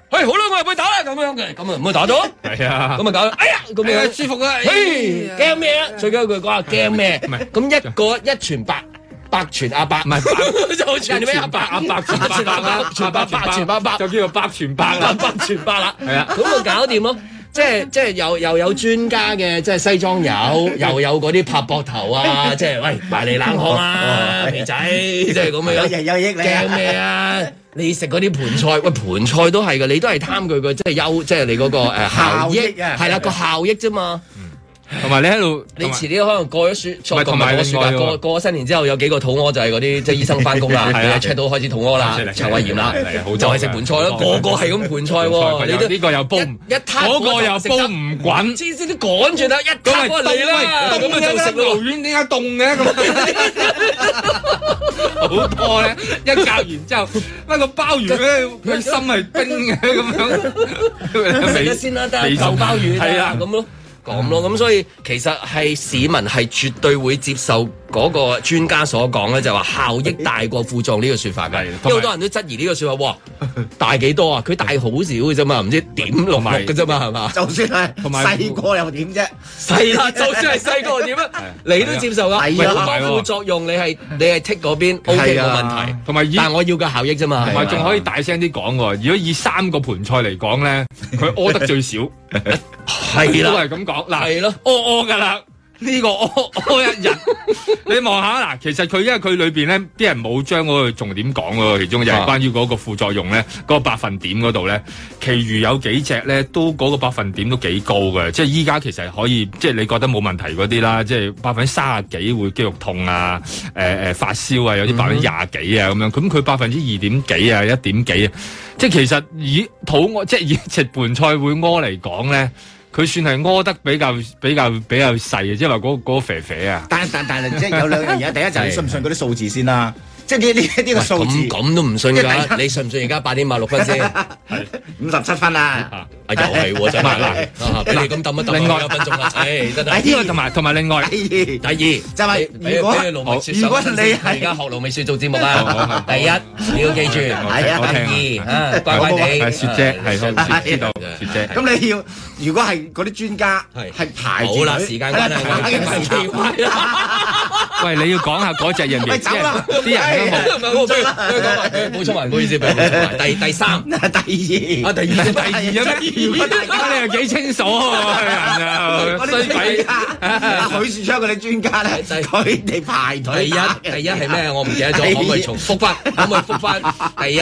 哎，好啦，我入去打啦，咁樣嘅，咁啊唔好打咗。係啊，咁咪搞，哎呀，咁樣舒服啊！驚咩啊？最緊佢講啊，驚咩？唔係，咁一個一傳百，百傳阿伯，唔係就傳阿伯，阿伯傳阿伯，傳百百傳百百，就叫做百傳百啦，百傳百啦，係啊，咁咪搞掂咯。即係即係又又有專家嘅，即係西裝有，又有嗰啲拍膊頭啊！即係喂埋你冷汗啊，哦哦、肥仔即係咁樣有有益，你驚咩啊？ 你食嗰啲盤菜，喂盤菜都係嘅，你都係貪佢、 嘅即係優，即係你嗰個誒效益啊，係啦個效益啫嘛。同埋你喺度，你遲啲可能過咗雪，再過埋個雪啦。過過新年之後，有幾個肚屙就係嗰啲即係醫生翻工啦，係啊 check 到開始肚屙啦，腸胃炎啦，就係食盤菜咯，個個係咁盤菜喎。呢個又煲，一攤嗰個又煲唔滾，黐線都趕住得一攤過嚟啦。咁啊仲食牛丸？點解凍嘅咁？好多咧，一教完之後，乜個鮑魚咧，佢心係冰嘅咁樣。味先啦，得嚿鮑魚，係啊咁咯。咁咯，咁、嗯、所以其實係市民係絕對會接受。嗰個專家所講咧，就話效益大過副作用呢個説法嘅。好多人都質疑呢個説法，大幾多啊？佢大好少嘅啫嘛，唔知點落埋嘅啫嘛，係嘛？就算係細個又點啫？係啦，就算係細個點啊？你都接受啦，冇副作用，你係你係剔嗰邊 OK 冇問題，同埋但我要嘅效益啫嘛，同埋仲可以大聲啲講喎。如果以三個盤菜嚟講咧，佢屙得最少，係都係咁講，係咯，屙屙㗎啦。呢個屙一日， 你望下嗱，其實佢因為佢裏邊咧，啲人冇將嗰個重點講喎。其中就係關於嗰個副作用咧，嗰個百分點嗰度咧，其餘有幾隻咧都嗰個百分點都幾高嘅。即係依家其實可以，即係你覺得冇問題嗰啲啦。即係百分之三十幾會肌肉痛啊，誒、呃、誒發燒啊，有啲百分之廿幾啊咁、mm hmm. 樣。咁佢百分之二點幾啊，一點幾啊，即係其實以肚，即係以食拌菜會屙嚟講咧。佢算係屙得比較比較比較細嘅，即係話嗰個肥肥啊。但但但係，即係有兩樣嘢， 第一就係你信唔信嗰啲數字先啦、啊。即係呢呢呢個數字咁都唔信㗎。你信唔信而家八點五六分先？五十七分啊！ 啊，又係真係嗱，嗱，咁等一等，仲有分鐘啊！誒，呢個同埋同埋另外，第二就係，如果你係而家學盧美雪做節目啊，第一你要記住，第一，第二，乖乖哋，雪姐係，知道，雪姐。咁你要，如果係嗰啲專家係排好啦，時間關係。喂，你要講下嗰隻嘢先。喂，走啦，啲人冇錯啦，冇錯，冇錯，唔好意思，唔好意思。第第三，第二，啊，第二，第二啊。如果我哋又幾清楚喎？人啊，衰鬼。許樹昌嗰啲專家咧，就係佢哋排隊第一，第一係咩？我唔記得咗，可唔可以重複翻？可唔可以複翻第一？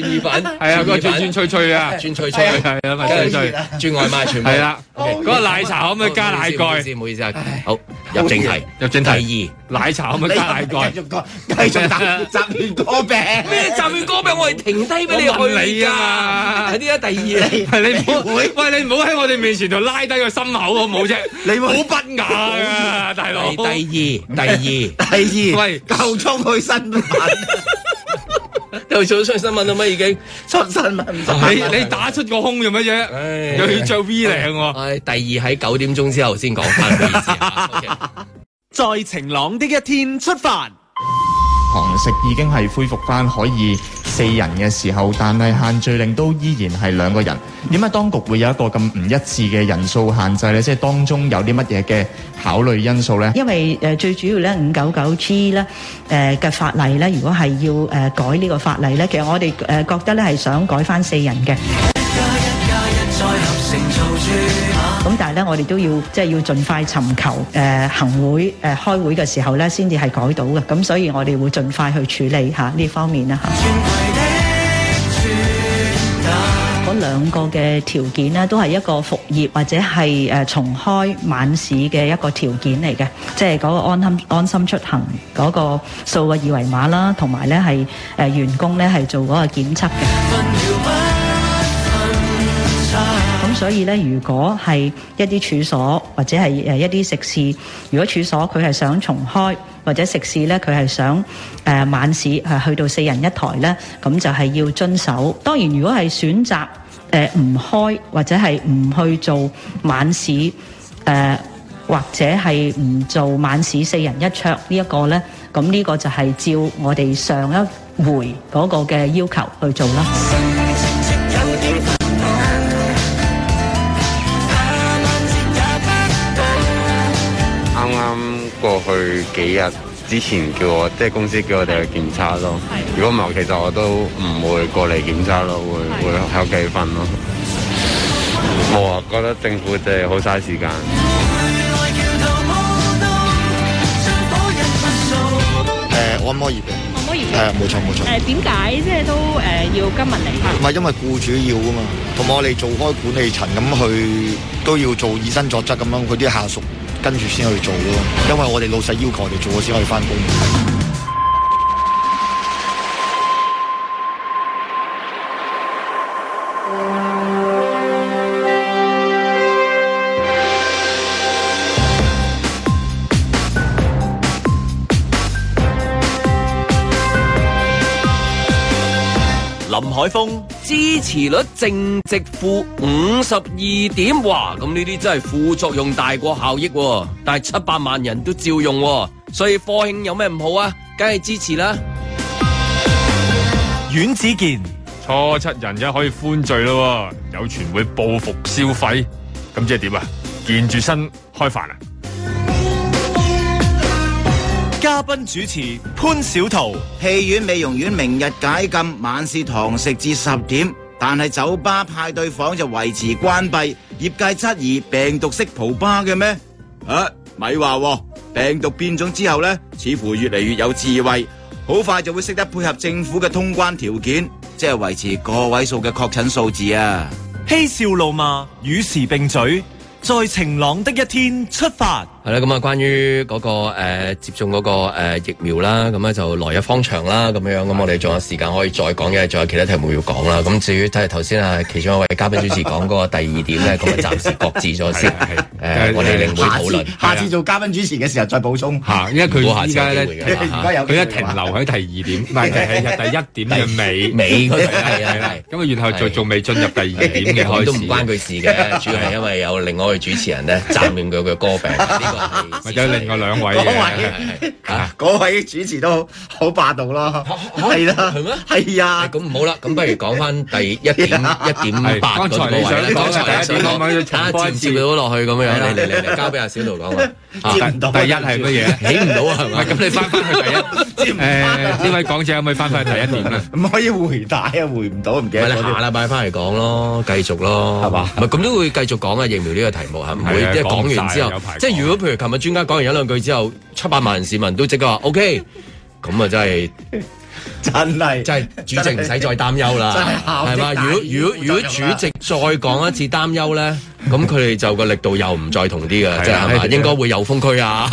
意粉係啊，個轉轉脆脆啊，轉脆脆係啊，轉脆脆轉外賣全部係啦。嗰個奶茶可唔可以加奶蓋？唔好意思啊，好入正題，入正題。第二奶茶可唔可以加奶蓋？繼續繼續集集完歌餅咩？集完歌餅我係停低俾你去。你啊，睇呢一第二，係你唔好喂，你唔好喺我哋面前就拉低個心口好唔好啫？你好不雅啊，大佬。第二第二第二，喂，夠鐘去新聞。又做咗出新聞啦咩？已經 出新聞，你 你打出個空做乜啫？又要做 V 領？係、 哎、第二喺九點鐘之後先講翻。在晴朗的一天出發堂 食已經係恢復翻可以。四人嘅時候，但係限聚令都依然係兩個人。點解當局會有一個咁唔一致嘅人數限制呢？即係當中有啲乜嘢嘅考慮因素呢？因為誒最主要咧五九九 G 咧誒嘅法例咧，如果係要誒改呢個法例咧，其實我哋誒覺得咧係想改翻四人嘅。咁但係咧，我哋都要即係要盡快尋求誒行會誒開會嘅時候咧，先至係改到嘅。咁所以我哋會盡快去處理吓呢方面啦吓。嗰兩個嘅條件咧，都係一個復業或者係誒重開晚市嘅一個條件嚟嘅，即係嗰個安心安心出行嗰個掃個二維碼啦，同埋咧係誒員工咧係做嗰個檢測嘅。所以咧，如果係一啲處所或者係誒一啲食肆，如果處所佢係想重開，或者食肆咧佢係想誒、呃、晚市係去到四人一台咧，咁就係要遵守。當然，如果係選擇誒唔、呃、開或者係唔去做晚市誒、呃，或者係唔做晚市四人一桌呢一個咧，咁呢個就係照我哋上一回嗰個嘅要求去做啦。過去幾日之前叫我，即係公司叫我哋去檢測咯。如果唔係，其實我都唔會過嚟檢測咯，會會喺屋企瞓咯。冇啊，覺得政府真係好嘥時間。誒，按摩業嘅，按摩業嘅，誒，冇錯冇錯。誒，點解即係都誒要今日嚟啊？唔係因為僱主要啊嘛，同埋我哋做開管理層咁去，都要做以身作則咁樣，佢啲下屬。跟住先去做咯，因為我哋老細要求我哋做咗先可以翻工。海豐支持率淨值負五十二點，哇！咁呢啲真係副作用大過效益，啊，但係七百萬人都照用，啊，所以科興有咩唔好啊？梗係支持啦，啊！阮子健初七人就可以歡聚咯，有傳會報復消費，咁即係點啊？健住身開飯啊！嘉賓主持潘小桃。戲院、美容院明日解禁，晚市堂食至十點，但係酒吧、派對房就維持關閉。業界質疑病毒識蒲吧嘅咩？誒、啊，咪話病毒變種之後呢，似乎越嚟越有智慧，好快就會識得配合政府嘅通關條件，即係維持個位數嘅確診數字啊！嬉笑怒罵，與時並舉，在晴朗的一天出發。係啦，咁啊，關於嗰個誒接種嗰個誒疫苗啦，咁咧就來日方長啦，咁樣，咁我哋仲有時間可以再講嘅，仲有其他題目要講啦。咁至於睇頭先啊，其中一位嘉賓主持講嗰個第二點咧，咁啊暫時擱置咗先，誒，我哋另會討論，下次做嘉賓主持嘅時候再補充。吓，因為佢而家咧，佢一停留喺第二點，唔係係第一點嘅尾尾嘅，係啊咁啊，然後再仲未進入第二點嘅，都唔關佢事嘅，主要係因為有另外一位主持人咧，佔用佢嘅歌柄。咪有另外兩位嘅，嗱，嗰位主持都好霸道咯，係啦，係咩？係啊，咁唔好啦，咁不如講翻第一點一點八嗰位啦，剛才想講嘅，想講，睇下接唔接到落去咁樣啦，嚟嚟嚟，交俾阿小盧講啦，接唔到，第一係乜嘢？起唔到啊，唔係，咁你翻翻去第一，誒，呢位講者可唔可以翻翻去第一點啊？唔可以回帶啊，回唔到，唔記得。咪啦，下啦，擺翻嚟講咯，繼續咯，係嘛？唔係，咁都會繼續講啊，疫苗呢個題目係唔會即係講完之後，即係如果佢。譬如琴日專家講完一兩句之後，七百萬市民都即刻話 OK，咁啊真係。 真係，真係主席唔使再擔憂啦，係嘛？如果如果如果主席再講一次擔憂咧，咁佢哋就個力度又唔再同啲嘅，即係係嘛？應該會有封區啊，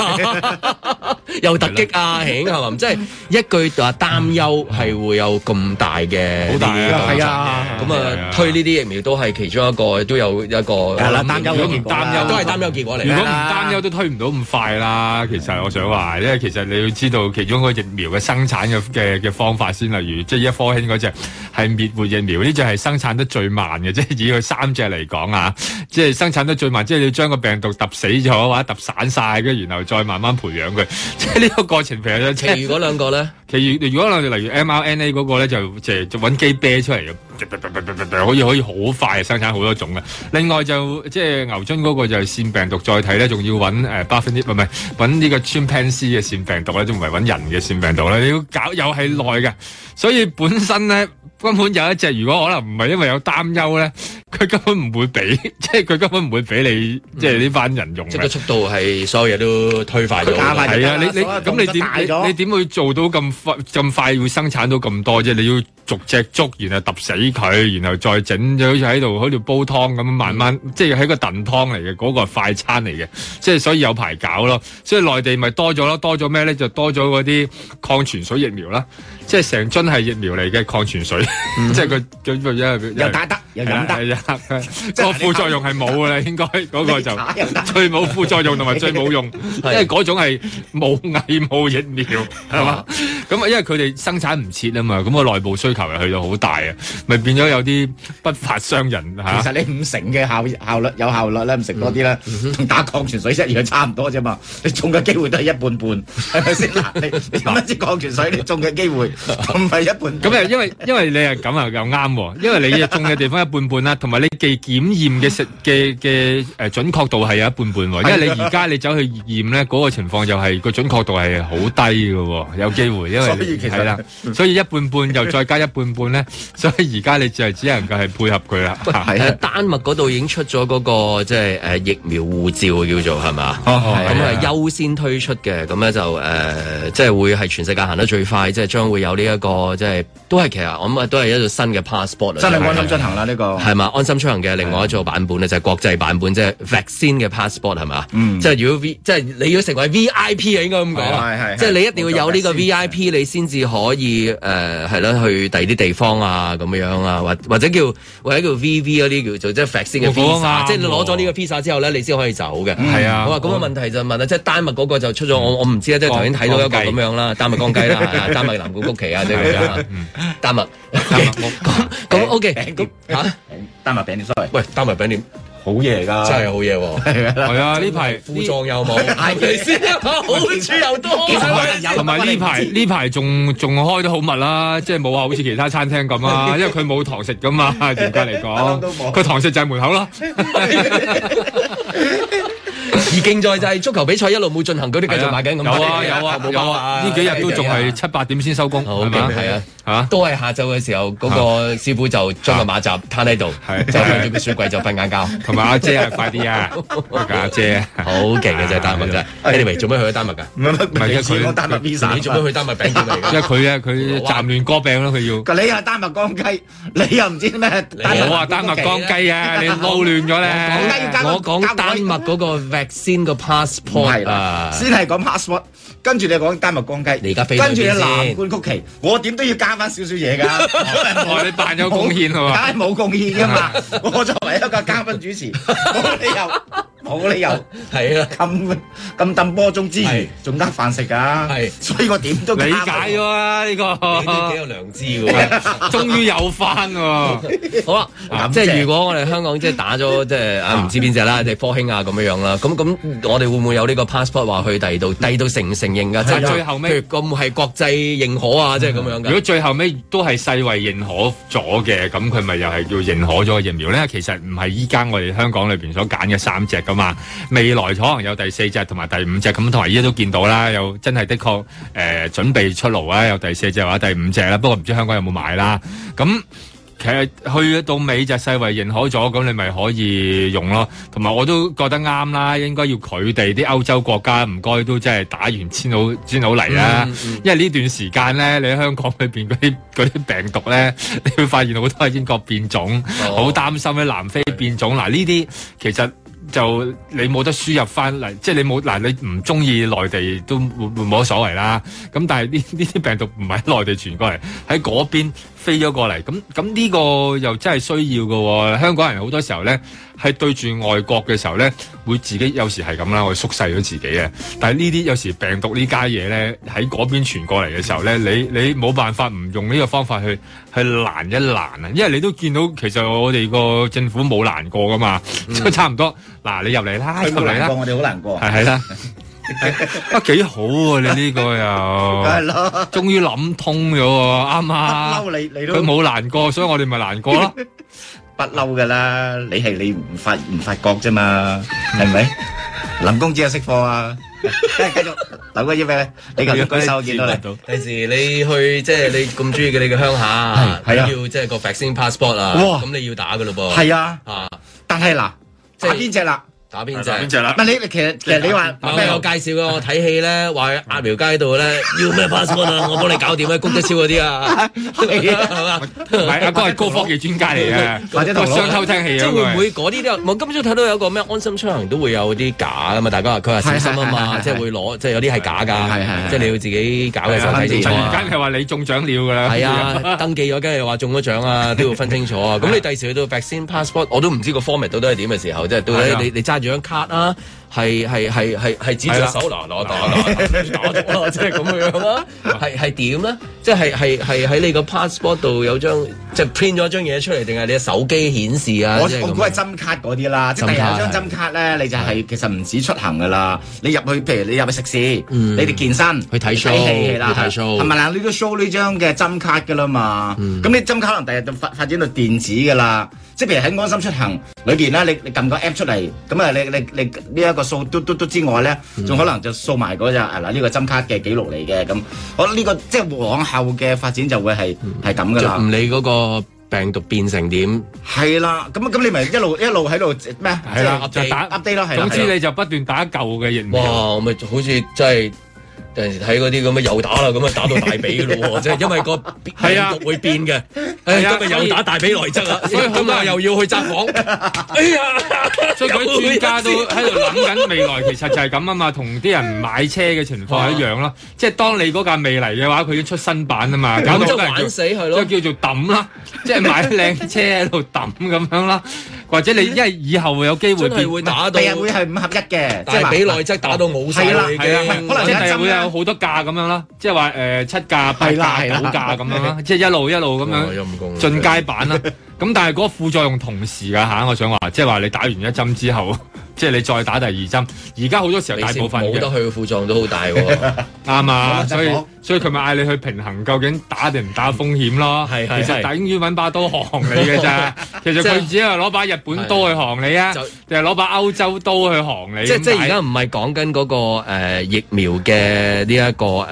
有突擊啊，係嘛？即係一句話擔憂係會有咁大嘅，好大嘅係啊。咁啊，推呢啲疫苗都係其中一個，都有一個擔憂。如果唔擔憂都係擔憂結果嚟。如果唔擔憂都推唔到咁快啦。其實我想話，因為其實你要知道，其中個疫苗嘅生產嘅嘅嘅方化先例如，即係一科興嗰隻係滅活疫苗，呢隻係生產得最慢嘅，即係以佢三隻嚟講啊，即係生產得最慢，即係你要將個病毒揼死咗或者揼散晒，跟住然後再慢慢培養佢，即係呢個過程非常之。其餘嗰兩個咧。其如如果我哋例如 mRNA 嗰個咧就就就搵雞啤出嚟嘅，可以可以好快生產好多種嘅。另外就即係牛津嗰個就係腺病毒載體咧，仲要搵誒，buffer 唔係搵呢個 chimpanzee 嘅腺病毒咧，都唔係搵人嘅腺病毒咧，你要搞又係耐嘅，所以本身咧根本有一隻，如果可能唔係因為有擔憂咧。佢根本唔會畀，即係佢根本唔會畀你，嗯、即係呢班人用嘅。即係速度係，所有嘢都推快咗。係啊，你你咁了你點？你點會做到咁快？咁快會生產到咁多啫？你要。逐隻捉，然後揼死佢，然後再整，就好似喺度喺度煲湯咁，慢慢即係喺個燉湯嚟嘅。嗰、嗰個係快餐嚟嘅，即係所以有排搞咯。所以內地咪多咗咯，多咗咩咧？就多咗嗰啲礦泉水疫苗啦。即係成樽係疫苗嚟嘅礦泉水，嗯、即係佢叫做又打得又飲得，個 副作用係冇嘅啦。應該嗰、嗰個就最冇副作用同埋最冇用， 是的 因為嗰種係冇偽冇疫苗，係嘛？咁啊，因為佢哋生產唔切啊嘛，咁個內部需。球又去到好大啊，咪變咗有啲不法商人吓。其實你五成嘅效效率有效率咧，五成多啲啦，同打礦泉水一樣差唔多啫嘛。你中嘅機會都係一半半，係咪先？嗱，你用一支礦泉水你中嘅機會唔係一半半？咁啊，因為因為你係咁啊，又啱。因為你啊，中嘅地方一半半啦，同埋你既檢驗嘅食嘅嘅誒準確度係有一半半。因為你而家你走去驗咧嗰個情況，就係個準確度係好低㗎，有機會。所以其實係啦，所以一半半又再加一。一半半咧，所以而家你就係只能夠係配合佢啦。係啊，丹麥嗰度已經出咗嗰個即係誒疫苗護照叫做係嘛？哦，咁啊優先推出嘅，咁咧就誒即係會係全世界行得最快，即係將會有呢一個即係都係其實我啊都係一個新嘅 passport。真係安心出行啦，呢個係嘛安心出行嘅另外一座版本咧，就係國際版本即係 vaccine 嘅 passport 係嘛？即係如果 V 即係你要成為 VIP 啊，應該咁講。係係，即係你一定要有呢個 VIP，你先至可以誒係啦去。第啲地方啊，咁樣啊，或或者叫或者叫 V V 嗰啲叫做即係食先嘅披薩，即係你攞咗呢個披薩之後咧，你先可以走嘅，係啊。好啊，咁個問題就問啦，即係丹麥嗰個就出咗，我我唔知啊，即係頭先睇到一個咁樣啦，丹麥光雞啦，丹麥藍谷曲奇啊，即係咁樣。丹麥，咁 OK，吓，丹麥餅點？喂，丹麥餅點？好嘢嚟噶，真係好嘢喎！係啊，呢排副狀又冇，係咪先？好處又多，同埋呢排呢排仲仲開得好密啦，即係冇話好似其他餐廳咁啊，因為佢冇堂食噶嘛，而家嚟講，佢堂食就係門口囉。而競賽就係足球比賽，一路冇進行嗰啲，繼續買緊咁。有啊有啊，冇啊！呢幾日都仲係七八點先收工，好啊，係啊。嚇，都係下晝嘅時候，嗰個師傅就將個馬扎攤喺度，就向住個雪櫃就瞓眼覺。同埋阿姐啊，快啲啊！阿姐，好勁嘅就係丹麥真係。Anyway，做咩去丹麥㗎？唔係佢丹麥，你做咩去丹麥餅店嚟？因為佢啊，佢暫亂過餅咯，佢要。你又丹麥乾雞，你又唔知咩？我話丹麥乾雞啊，你撈亂咗咧！我講丹麥嗰個 vaccine 個 passport，啊，先係講 passport，跟住你講丹麥乾雞。你而家飛，跟住你藍罐曲奇，我點都要加。翻少少嘢噶，我你扮咗貢獻喎，梗係冇貢獻噶嘛，我作為一個嘉賓主持，冇 理由。冇理由，係啊，咁咁抌波中之餘，仲得飯食噶，所以我點都理解啫嘛，呢個幾有幾有良知喎，終於有翻喎，好啦，即係如果我哋香港即係打咗，即係啊唔知邊隻啦，即係科興啊咁樣樣啦，咁咁我哋會唔會有呢個 passport 話去第度，第度承唔承認噶？即係最後屘，個唔係國際認可啊，即係咁樣。如果最後屘都係世衞認可咗嘅，咁佢咪又係要認可咗疫苗咧？其實唔係依家我哋香港裏邊所揀嘅三隻咁。未來可能有第四隻同埋第五隻咁，同埋依家都見到啦，又真係的確誒、呃、準備出爐啦，有第四隻或者第五隻啦，不過唔知香港有冇買啦。咁、嗯嗯、其實去到尾就世衞認可咗，咁你咪可以用咯。同埋我都覺得啱啦，應該要佢哋啲歐洲國家唔該都真係打完先好先好嚟啦。嗯嗯、因為呢段時間呢，你喺香港裏邊嗰啲啲病毒呢，你會發現好多係英國變種，好、哦、擔心咧南非變種。嗱呢啲其實。就你冇得輸入翻嚟，即係你冇嗱，你唔中意內地都冇冇乜所謂啦。咁但係呢呢啲病毒唔係喺內地傳過嚟，喺嗰邊。飛咗過嚟，咁咁呢個又真係需要嘅、哦。香港人好多時候咧，係對住外國嘅時候咧，會自己有時係咁啦，我會縮細咗自己嘅。但係呢啲有時病毒家呢家嘢咧，喺嗰邊傳過嚟嘅時候咧，你你冇辦法唔用呢個方法去去攔一攔啊！因為你都見到，其實我哋個政府冇攔過噶嘛，都、嗯、差唔多。嗱，你入嚟啦，入嚟啦。我哋，好難過。係係啦。 啊，幾好啊！你呢個又，梗係啦，終於諗通咗，啱啊！嬲，你，你都佢冇難過，所以我哋咪難過咯。不嬲噶啦，你係你唔發唔發覺啫嘛，係咪？林公子又識貨啊！繼續，林公子俾你，你個舉到得到。第時你去即係你咁中意嘅你嘅鄉下，要即係個 vaccine passport 啊！哇，咁你要打噶咯噃？係啊，啊，但係嗱，打邊隻啦？打邊仔，唔係你，其實其實你話咩？我介紹嘅，我睇戲咧，話阿苗街度咧要咩 passport 啊？我幫你搞掂咩攻德超嗰啲啊，係啊，哥係高科技專家嚟嘅，或者同我雙偷聽器啊！即係會唔會嗰啲咧？我今朝睇到有個咩安心出行都會有啲假啊嘛！大家話佢話小心啊嘛，即係會攞，即係有啲係假㗎，即係你要自己搞嘅時候睇清楚。啊！唔該，你話你中獎了㗎啦，係啊，登記咗跟住話中咗獎啊，都要分清楚啊！咁你第時去到 vaccine passport，我都唔知個 format 到底係點嘅時候，即係到底你你揸。張卡啊，係係係係係紙手拿攞我打到我即係咁嘅樣啦，係係點咧？即係係係喺你個 passport 度有張即係 print 咗張嘢出嚟，定係你嘅手機顯示啊？我估係針卡嗰啲啦，即係第日張針卡咧，你就係其實唔止出行噶啦，你入去譬如你入去食肆，你哋健身去睇 show，去睇 show，係咪嗱，呢個 show 呢張嘅針卡噶啦嘛？咁你針卡可能第日就發發展到電子噶啦。即係譬如喺安心出行裏邊啦，你你撳個 app 出嚟，咁啊你你你呢一個掃嘟嘟嘟之外咧，仲可能就掃埋嗰隻啊嗱呢個針卡嘅記錄嚟嘅咁，我呢個即係往後嘅發展就會係係咁噶啦。唔理嗰個病毒變成點，係啦，咁啊咁你咪一路一路喺度咩啊？係啦，就打 update 咯。總之你就不斷打舊嘅疫苗。哇，我咪好似真係～睇嗰啲咁嘅又打啦，咁啊打到大髀嘅咯喎，即係因為個病毒會變嘅，係啊，又打大髀內側啊，咁啊又要去爭房。哎呀，所以佢啲專家都喺度諗緊未來其實就係咁啊嘛，同啲人買車嘅情況一樣咯，即係當你嗰架未嚟嘅話，佢要出新版啊嘛，咁就玩死佢咯，即係叫做抌啦，即係買靚車喺度抌咁樣啦。或者你因為以後有機會真會打到，第日會係五合一嘅，即係俾內側打到冇曬。係啦，可能即係會有好多架咁樣啦，即係話誒七架、八架、九架咁樣即係一路一路咁樣進階版啦。咁但係嗰個副作用同時嘅嚇，我想話，即係話你打完一針之後，即係你再打第二針，而家好多時候大部分我覺得佢嘅副作用都好大喎。啱啊，所以。所以佢咪嗌你去平衡，究竟打定唔打風險咯？係其實等於揾把刀行你嘅咋。其實佢只係攞把日本刀去行你啊，定係攞把歐洲刀去行你？即即而家唔係講緊嗰個疫苗嘅呢一個誒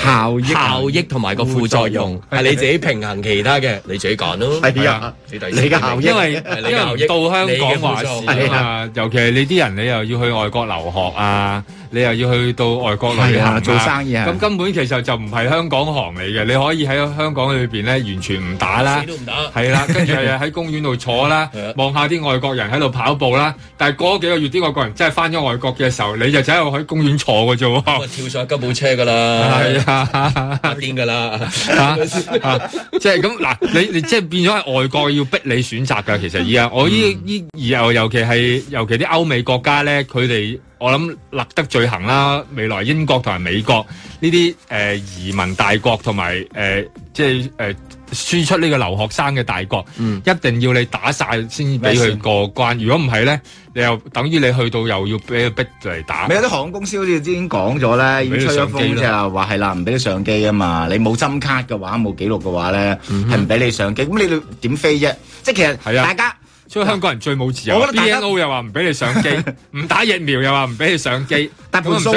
效效益同埋個副作用，係你自己平衡其他嘅，你自己講咯。係啊，你你嘅效益，因為因為到香港話事啊，尤其係你啲人你又要去外國留學啊。你又要去到外國嚟呀、嗯、做生意啊？咁、嗯、根本其實就唔係香港行嚟嘅。你可以喺香港裏邊咧完全唔打啦，係啦，跟住又喺公園度坐啦，望下啲外國人喺度跑步啦。但係過咗幾個月，啲外國人真係翻咗外國嘅時候，你就只係喺公園坐嘅啫喎。跳上吉普車㗎啦，係、嗯、啊，癲㗎啦，即係咁嗱，你你即係變咗係外國要逼你選擇㗎。其實而家我依依而尤其係尤其啲歐美國家咧，佢、嗯、哋。嗯嗯嗯我諗立得罪行啦，未來英國同埋美國呢啲誒移民大國同埋誒即係誒輸出呢個留學生嘅大國，一定要你打晒先俾佢過關。如果唔係咧，你又等於你去到又要俾佢逼嚟打。咪有啲航空公司好似之前講咗咧，已經吹咗風即係話係啦，唔俾佢上機啊嘛。你冇針卡嘅話，冇記錄嘅話咧，係唔俾你上機。咁你點飛啫？即係其實大家。即係香港人最冇自由。我覺得 B N O 又話唔俾你上機，唔 打疫苗又話唔俾你上機。 但係條數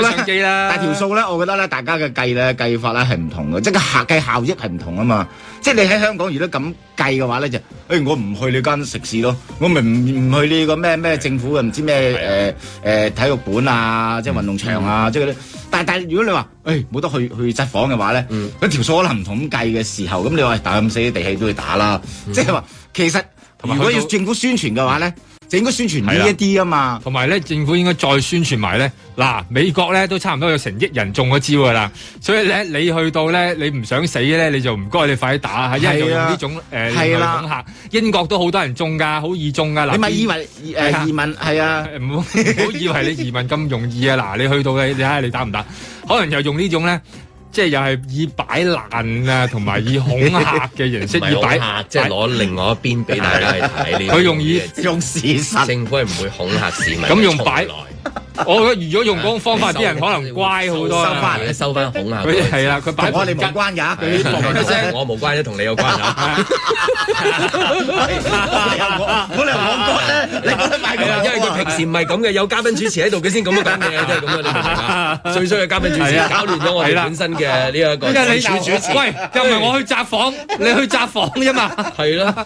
咧，我覺得咧，大家嘅計咧、計法咧係唔同嘅，即係客計效益係唔同啊嘛。即係你喺香港如果咁計嘅話咧，就誒我唔去你間食肆咯，我咪唔唔去呢個咩咩政府嘅唔知咩誒誒體育館啊，即係運動場啊，即係嗰啲。但係但係如果你話誒冇得去去執房嘅話咧，嗰條數可能唔同咁計嘅時候，咁你話打咁死啲地氣都要打啦，即係話其實。如果要政府宣傳嘅話咧，就應該宣傳呢一啲啊嘛，同埋咧政府應該再宣傳埋咧。嗱，美國咧都差唔多有成億人中嗰招噶啦，所以咧你去到咧你唔想死咧，你就唔該你快啲打，一係就用呢種誒嚟、呃、的恐嚇。英國都好多人中噶，好易中噶。啦你咪以為誒、呃、移民係啊？唔好唔好以為你移民咁容易啊！嗱， 你去到嘅你睇下你打唔打？可能又用呢種咧。即係又係以擺爛啊，同埋以恐嚇嘅形式擺爛， 即係攞擺另外一邊俾大家去睇。佢 用以、就是、用事實， 政府係唔會恐嚇市民。咁 用擺。我覺得如果用嗰個方法，啲人可能乖好多啦。收翻孔啊！佢係啊，佢擺開你唔關㗎。佢講嘅聲我無關，都同你有關係。冇理由我，冇理由我改咧。你覺得快啲。因為佢平時唔係咁嘅，有嘉賓主持喺度，佢先咁樣講嘢。即係咁樣，你明唔明啊？最衰嘅嘉賓主持搞亂咗我哋本身嘅呢一個。因為你主主持。喂，又唔係我去砸房，你去砸房啫嘛。係咯。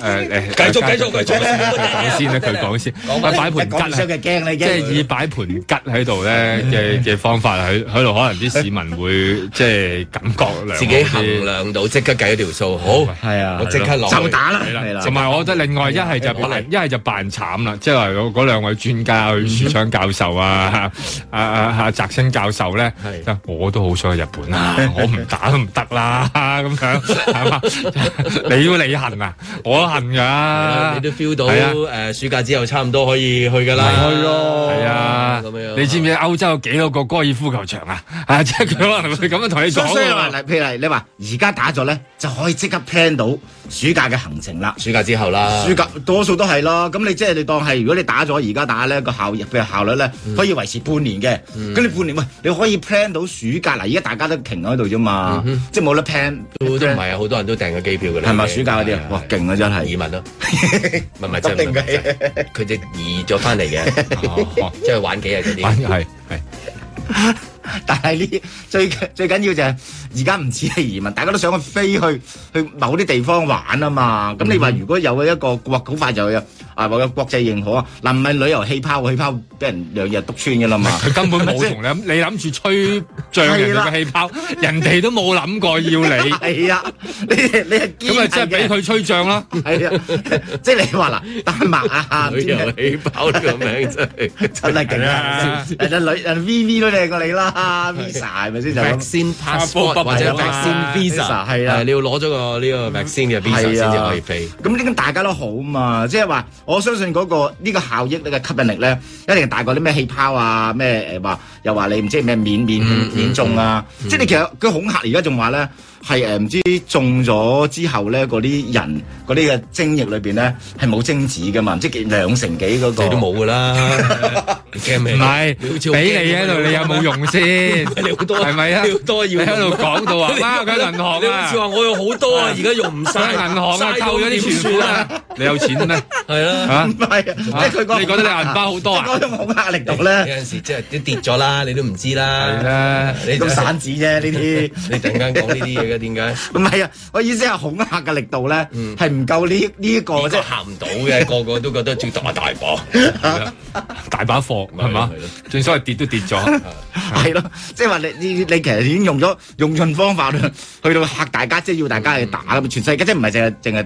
誒，繼續繼續繼續，講先咧，佢講先，擺盤吉，驚咧驚，即係以擺盤吉喺度咧嘅嘅方法，喺喺度，可能啲市民會即係感覺，自己衡量到，即刻計咗條數，好係啊，我即刻攞就打啦，同埋我覺得另外一係就扮一係就扮慘啦，即係我嗰兩位專家，許樹昌教授啊，阿阿阿澤星教授咧，我都好想去日本啊，我唔打都唔得啦，咁樣，你要你行啊？我都恨噶，你都 feel 到誒？暑假之後差唔多可以去噶啦，去咯，係啊，你知唔知歐洲有幾多個高爾夫球場啊？啊，即係佢可能係咁樣同你講。譬如你話而家打咗咧，就可以即刻 plan 到暑假嘅行程啦。暑假之後啦，暑假多數都係咯。咁你即係你當係，如果你打咗而家打咧，個效嘅效率咧可以維持半年嘅。咁你半年喂，你可以 plan 到暑假啦。而家大家都停喺度啫嘛，即係冇得 plan。都唔係好多人都訂咗機票嘅。係咪暑假嗰啲啊？啊！真係移民咯，唔咪，唔係， 就係佢哋移咗翻嚟嘅，即係玩幾日嗰啲，反而係係 但係呢，最最緊要就係而家唔止係移民，大家都想去飛去去某啲地方玩啊嘛。咁你話如果有一個國，好快就有啊，或者國際認可啊，嗱，唔係旅遊氣泡，氣泡俾人兩日篤穿噶啦嘛。佢根本冇同你。你諗你諗住吹漲人哋個氣泡，人哋都冇諗過要你。係啊，你你係咁啊，即係俾佢吹漲啦。係啊，即係你話嗱，丹麥啊旅遊氣泡呢個名真係真係勁啊！人哋旅人 V V 都靚過你啦。啊、ah，visa 係咪先就 vaccine passport，或者 vaccine visa 係啦吧，你要攞咗個呢個 vaccine 嘅 visa 先至可以飛。咁呢啲大家都好啊嘛，即係話我相信嗰、那個呢、這個效益、呢個吸引力咧，一定大過啲咩氣泡啊，咩誒話又話你唔知咩免免免，免中啊，即係、嗯嗯嗯、你其實佢恐嚇而家仲話咧。係誒，唔知中咗之後咧，嗰啲人嗰啲嘅精液裏邊咧，係冇精子㗎嘛？即幾兩成幾嗰個？都冇噶啦，唔係俾你喺度，你有冇用先？你好多係咪啊？多而喺度講到話啦，佢喺銀行啊！你話我有好多啊，而家用唔曬，喺銀行啊，扣咗啲存款啊，你有錢啊？係啦，唔係即係佢講，你覺得你銀包好多啊？都冇壓力到咧。有陣時即係都跌咗啦，你都唔知啦。係啦，你都散紙啫呢啲。你陣間講呢啲嘢。點解？唔係啊！我意思係恐嚇嘅力度咧，係唔夠呢呢個，即係嚇唔到嘅，個個都覺得仲要打大把大把貨，係嘛？正所謂跌都跌咗，係咯。即係話你你你其實已經用咗用盡方法去到嚇大家，即係要大家去打。全世界即係唔係淨係淨係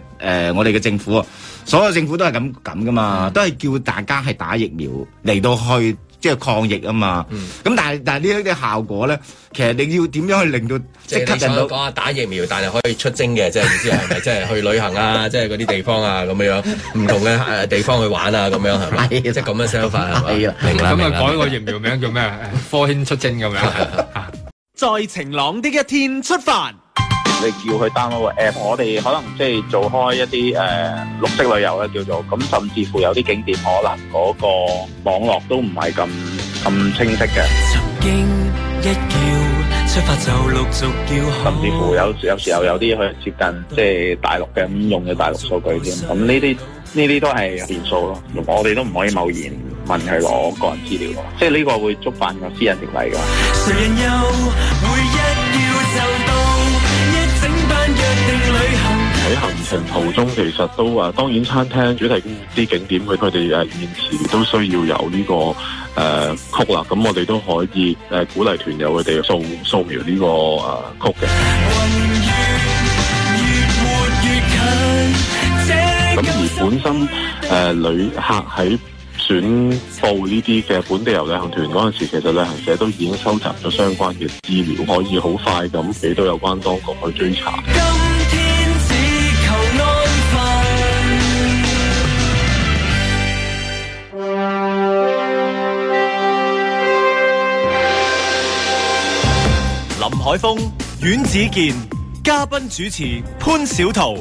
誒，我哋嘅政府，所有政府都係咁咁噶嘛，都係叫大家係打疫苗嚟到去。即係抗疫啊嘛，咁但係但係呢一啲效果咧，其實你要點樣去令到即刻令到？即係你想講打疫苗但係可以出征嘅，就是， 即係意思係即係去旅行啊， 即係嗰啲地方啊咁樣，唔 同嘅地方去玩啊咁樣係咪？ 即係咁嘅想法係咪？咁啊改個疫苗名叫咩？科興 出征咁樣在 晴朗的一天出發。你叫佢 download 個 app，我哋可能即係做開一啲誒綠色旅遊咧，叫做咁，甚至乎有啲景點可能嗰個網絡都唔係咁咁清晰嘅。甚至乎有有時候有啲去接近即係大陸嘅咁，用嘅大陸數據添，咁呢啲呢啲都係變數咯。我哋都唔可以貿然問佢攞個人資料，即係呢個會觸犯個私人權利嘅。喺行程途中，其實都話當然餐廳、主題啲景點佢佢哋誒現時都需要有呢、這個誒、呃、曲啦。咁我哋都可以誒、呃、鼓勵團友佢哋掃掃描呢、這個誒、呃、曲嘅。咁而本身誒旅、呃呃呃、客喺選報呢啲嘅本地遊旅行團嗰陣時，其實旅行社都已經收集咗相關嘅資料，可以好快咁俾到有關當局去追查。海峰、阮子健、嘉賓主持潘小桃，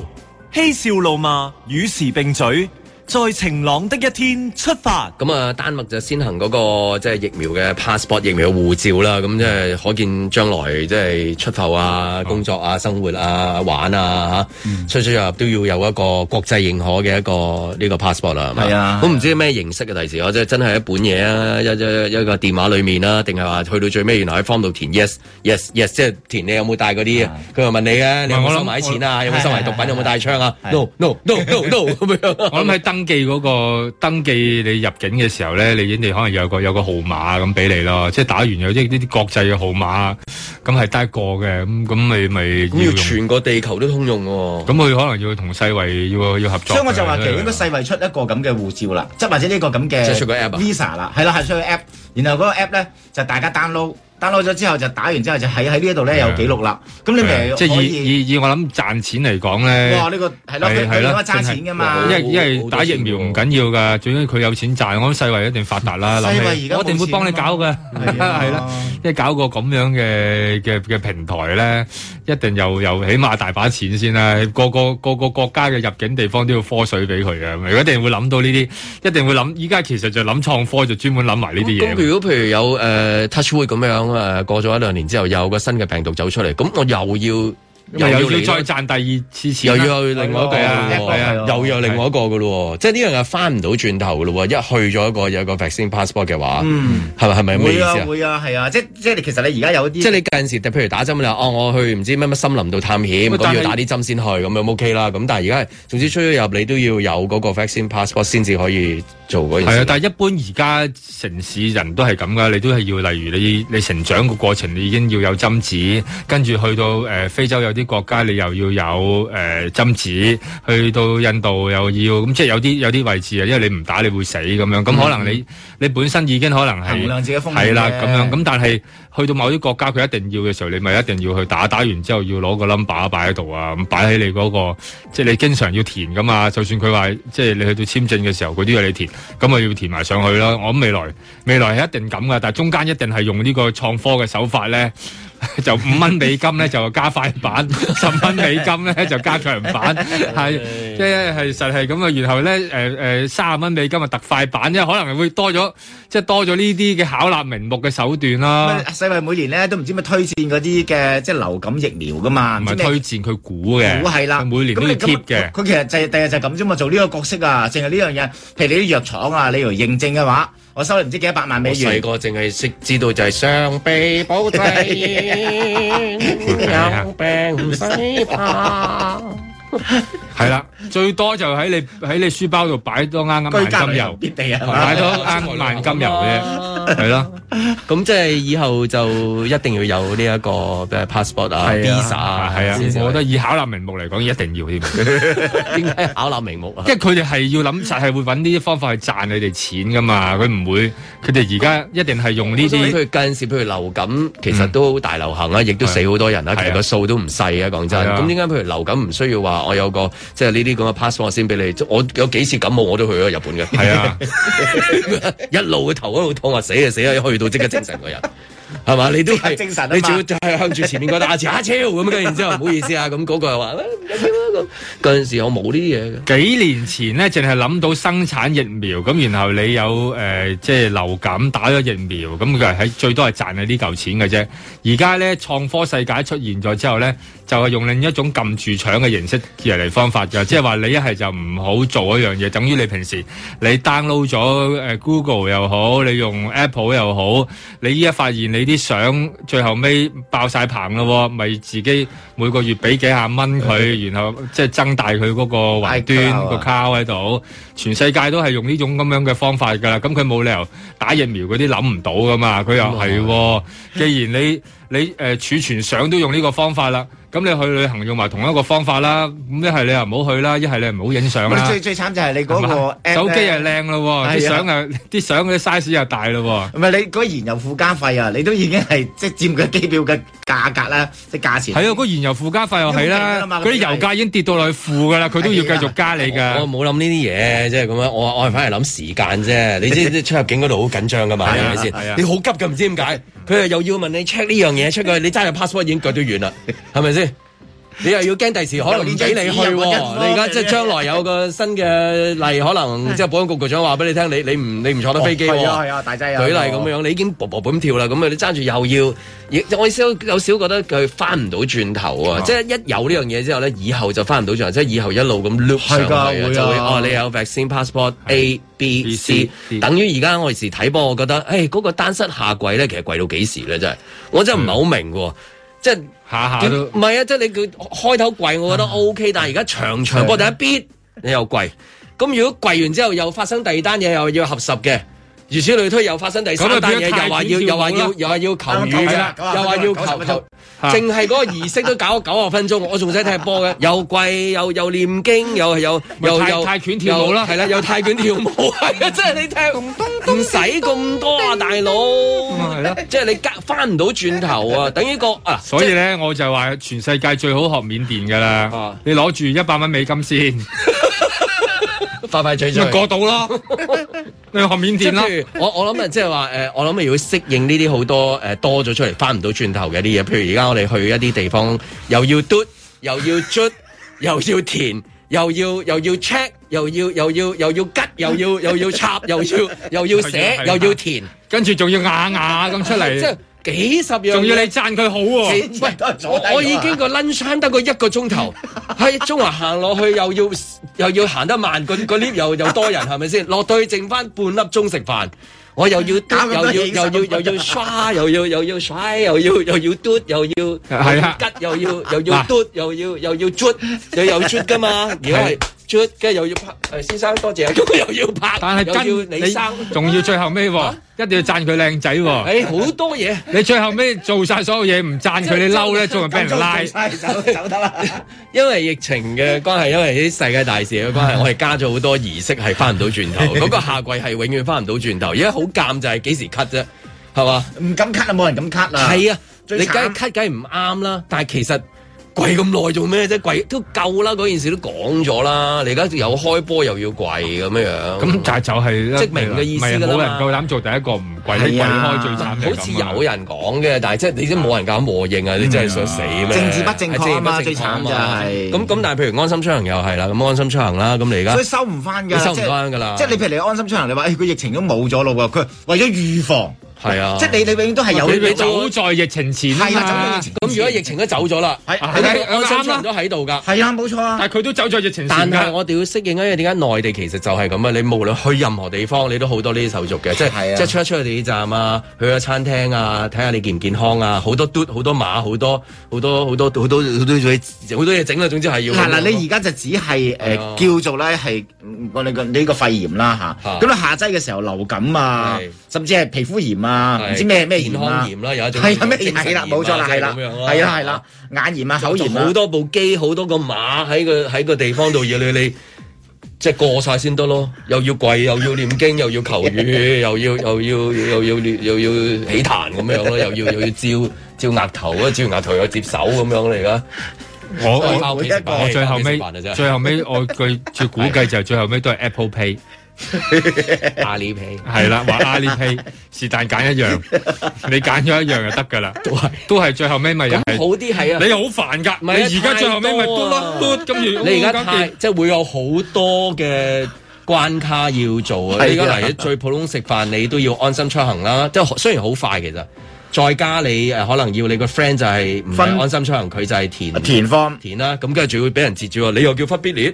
嬉笑怒罵與時並舉。在晴朗的一天出發。咁啊，丹麥就先行嗰個即係疫苗嘅 passport 疫苗嘅護照啦。咁即係可見將來即係出埠啊、工作啊、生活啊、玩啊嚇，出出入入都要有一個國際認可嘅一個呢個 passport 啦。係啊。咁唔知咩形式嘅提示，即真係一本嘢啊，一一個電話裡面啊，定係話去到最尾，原來喺 form 度填 yes yes yes，即係填你有冇帶嗰啲啊？佢又問你啊，你有冇收埋啲錢啊？有冇收埋毒品？有冇帶槍啊？No no no no no 咁樣。我諗係登記嗰個登記你入境嘅時候咧，你應地可能有個有個號碼咁俾你咯，即係打完有啲呢啲國際嘅號碼，咁係單個嘅，咁咁你咪要全個地球都通用嘅，咁佢可能要同世衛要要合作。所以我就話其實應該世衛出一個咁嘅護照啦，即係或者呢個咁嘅 visa 啦，係啦，係出個 app，然後嗰個 app 咧就大家 download。download 咗之後就打完之後就喺喺呢一度咧有記錄啦。咁你咪即係以以以我諗賺錢嚟講咧，哇！呢個係咯，佢佢點樣賺錢嘅嘛？因為因為打疫苗唔緊要噶，最緊要佢有錢賺。我諗世衛一定發達啦，諗起我哋會幫你搞嘅，係啦，因為搞個咁樣嘅嘅嘅平台咧，一定又又起碼大把錢先啦。個個個個國家嘅入境地方都要科水俾佢啊！如果一定會諗到呢啲，一定會諗。依家其實就諗創科，就專門諗埋呢啲嘢。咁如果譬如有誒 Touchwood 咁樣。咁啊、嗯，過咗一兩年之後，又有個新嘅病毒走出嚟，咁我又要。又又要再賺第二次錢、啊，又又另外一個又有另外一個嘅咯，即係呢樣又翻唔到轉頭嘅咯，一去咗一個有一個 vaccine passport 嘅話，係咪係咪咁嘅意思啊？會啊會啊係啊，即係即係其實你而家有啲，即係你近陣時，譬如打針你話哦，我去唔知乜乜森林度探險，咁都要打啲針先去咁，咁 OK 啦。咁但係而家總之出咗入，你都要有嗰個 vaccine passport 先至可以做嗰樣。係、啊、但係一般而家城市人都係咁㗎，你都係要例如你你成長個過程，你已經要有針紙，跟住去到誒、呃、非洲有啲國家你又要有誒、呃、針紙，去到印度又要咁、嗯，即係有啲有啲位置啊，因為你唔打你會死咁樣，咁、嗯、可能你、嗯、你本身已經可能係係啦咁樣，咁但係去到某啲國家佢一定要嘅時候，你咪一定要去打，打完之後要攞個 number 擺喺度啊，咁擺喺你嗰、嗰個，即係你經常要填噶嘛，就算佢話即係你去到簽證嘅時候，佢都要你填，咁咪要填埋上去啦。我諗未來未來係一定咁噶，但係中間一定係用呢個創科嘅手法咧。 就五蚊美金咧就加快版；十蚊 美金咧就加強版。係即係實係咁啊！然後咧，誒、呃、誒，卅、呃、蚊美金啊特快版。因為可能係會多咗，即係多咗呢啲嘅巧立名目嘅手段啦。世衛每年咧都唔知乜推薦嗰啲嘅，即係流感疫苗噶嘛？唔係推薦佢估嘅，估係啦。每年都貼嘅，佢其實就第、是、日就咁啫嘛，做呢個角色啊，淨係呢樣嘢。譬如你啲藥廠啊，你嚟認證嘅話。我收唔知幾多百萬美元。我細個淨係識知道就係雙臂保底， 有病唔使怕。係啦， 最多就喺你喺你書包度擺多啱啱萬金油，擺多啱啱萬金油嘅。 係咯，咁即係以後就一定要有呢一個 passport 啊、visa 啊。係啊，我覺得以考納名目嚟講，一定要添。點解考納名目啊？即係佢哋係要諗實，係會揾呢啲方法去賺你哋錢噶嘛？佢唔會，佢哋而家一定係用呢啲。佢近時，譬如流感，其實都大流行啊，亦都死好多人啊。其實，個數都唔細啊。講真，咁點解譬如流感唔需要話我有個即係呢啲咁嘅 passport 先俾你？我有幾次感冒我都去咗日本嘅。係啊，一路個頭一路痛啊，死！死啊死啦！去到即刻精神個人。係嘛？ 嗯、你都係，精神，你主要就係向住前面嗰 打字卡超咁，跟然之後唔好意思啊，咁嗰個又話唔緊要咁嗰陣時我冇啲嘢。幾年前呢，淨係諗到生產疫苗，咁然後你有誒，即係流感打咗疫苗，咁佢係喺最多係賺你呢嚿錢嘅啫。而家咧，創科世界出現咗之後咧，就係、是、用另一種撳住搶嘅形式嚟方法就即係話你一係就唔好做一樣嘢， 等於你平時你 download 咗誒 Google 又好，你用 Apple 又好，你依家發現你啲相最後尾爆晒棚咯，咪 自己每個月俾幾下蚊佢， 然後即係增大佢嗰個雲端 個卡喺度。全世界都係用呢種咁樣嘅方法噶啦，咁佢冇理由打疫苗嗰啲諗唔到噶嘛，佢又係、哦， 既然你你誒儲、呃、存相都用呢個方法啦。咁你去旅行用埋同一個方法啦，咁一係你又唔好去啦，一係你又唔好影相啦。最最慘就係你嗰個手機係靚咯，啲相啊啲相嘅 size 又大咯。唔係你嗰啲燃油附加費啊，你都已經係即係佔緊機票嘅價格啦，即係價錢。係啊，嗰燃油附加費又係啦，嗰啲油價已經跌到落去負㗎啦，佢都要繼續加你㗎。我冇諗呢啲嘢，即係咁樣，我我係反而諗時間啫。你知唔知出入境嗰度好緊張㗎嘛？係咪先？係啊，你好急㗎，唔知點解？佢又要問你 check 呢樣嘢，check 佢，你揸住 password 已經腳都軟啦，係咪先？你又要驚第時可能唔俾你去，你而家即係將來有個新嘅例，可能即係保安局局，局長話俾你聽，你你唔你唔坐得飛機喎。舉例咁樣，你已經步步咁跳啦，咁你爭住又要，我少有少覺得佢翻唔到轉頭啊！即係一有呢樣嘢之後咧，以後就翻唔到轉頭，即係以後一路咁 look 上嚟就會哦，你有 vaccine passport A B C，等於而家我時睇波，我覺得誒嗰個單膝下跪咧，其實跪到幾時咧？真係我真係唔係好明嘅，即係。下下都唔係啊，即係你佢開頭跪我覺得 O、OK, K，、啊、但係而家長長波是的 第一跌，你又跪，咁 如果跪完之後又發生第二單嘢，又要合十嘅。如此類推，又發生第三單嘢，又話要，又話要，又話要求雨啫，又話要求，淨係嗰個儀式都搞咗九十分鐘，我仲使踢波嘅，又跪又又唸經，又又又又泰拳跳舞啦，係啦，又泰拳跳舞，係啊，即係你踢唔東東，唔使咁多啊，大佬，係咯，即係你翻唔到轉頭啊，等於個啊，所以咧我就話全世界最好學緬甸嘅啦，你攞住一百蚊美金先。快快脆脆，過到啦！你去麵店啦。我我諗啊，即係話誒，我諗啊，如、呃、果適應呢啲好多誒、呃、多咗出嚟翻唔到轉頭嘅啲嘢，譬如而家我哋去一啲地方，又要嘟，又要捽，又要填，又要又要 check，又要又要又要吉，又要又要插，又要，又要，又，要 又要寫，又要，又要填，的要填跟住仲要啞啞咁出嚟。 就是幾十樣，仲要你讚佢好喎、啊！喂不，我已經個 lunch 慳得個一個鐘頭，喺 中環行落去又要又要行得慢，個個 lift 又又多人，係咪先？落到去剩翻半粒鐘食飯，我又要嘟又要 又要又要刷，又要又要甩，又要又要嘟，又要係啊吉，又要又要嘟，又要又要卒，又又卒噶嘛？的如果係。出，跟住又要拍。誒，先生多謝。咁又要拍，但又要你生，仲要最後尾，一定要讚佢靚仔。誒，好多嘢。你最後尾做晒所有嘢，唔讚佢，你嬲咧，仲係俾人拉走走得啦。因為疫情嘅關係，因為啲世界大事嘅關係，我哋加咗好多儀式，係翻唔到轉頭。嗰個夏季係永遠翻唔到轉頭。而家好尷就係幾時 cut 啫，係嘛？唔敢 cut 啊，冇人敢 cut 啦。係啊，你梗係 cut 梗係唔啱啦。但係其實。跪咁耐做咩啫？跪都夠啦，嗰件事都講咗啦。你而家有開波又要跪咁樣，咁就係就係職名嘅意思，冇人夠膽做第一個唔跪，係跪開最慘。好似有人講嘅，但係即係你知冇人夠膽和應啊！你真係想死咩？政治不正確啊嘛，最慘咁咁，但係譬如安心出行又係啦，咁安心出行啦，咁你而家所以收唔翻㗎，收唔翻㗎啦。即係你譬如你安心出行，你話誒佢疫情都冇咗咯喎，佢為咗預防。係啊，即係你哋永遠都係有。走在疫情前。係啊，走在疫情前。咁如果疫情都走咗啦，係係第三都喺度㗎。係啊，冇錯啊。但係佢都走咗疫情前。但係我哋要適應，因為點解內地其實就係咁啊？你無論去任何地方，你都好多呢啲手續嘅，即係即係出一出去地鐵站啊，去個餐廳啊，睇下你健唔健康啊，好多篤好多碼好多好多好多好多好多嘢整啦，總之係要。嗱嗱，你而家就只係誒叫做咧係我哋個呢個肺炎啦嚇。咁你夏季嘅時候流感啊，甚至係皮膚炎唔知咩咩健康炎啦，有一種係啦，咩眼炎啦，冇錯啦，係啦，係啦，係啦，眼炎啊，口炎啊，好多部機，好多個碼喺個喺個地方度，要你你即係過晒先得咯，又要跪，又要念經，又要求雨，又要又要又要又要起痰咁樣咯，又要又要照照額頭，咁照額頭又接手咁樣嚟噶，我我最後尾，最後尾，我據據估計就最後尾都係 Apple Pay。 啊、里皮阿里皮係啦，話阿里皮是但揀一樣，你揀咗一樣就得噶啦。都係是都係最後尾咪咁好啲係啊！你好煩噶，啊、你而現家、啊、最後尾咪嘟啦嘟，跟住你而家太即係會有好多嘅關卡要做啊！你而家嚟，最普通食飯，你都要安心出行啦。即係雖然好快其實。再加你誒，可能要你個 friend 就係唔係安心出行，佢就係田田方田啦。咁跟住仲會俾人截住，你又叫忽必烈，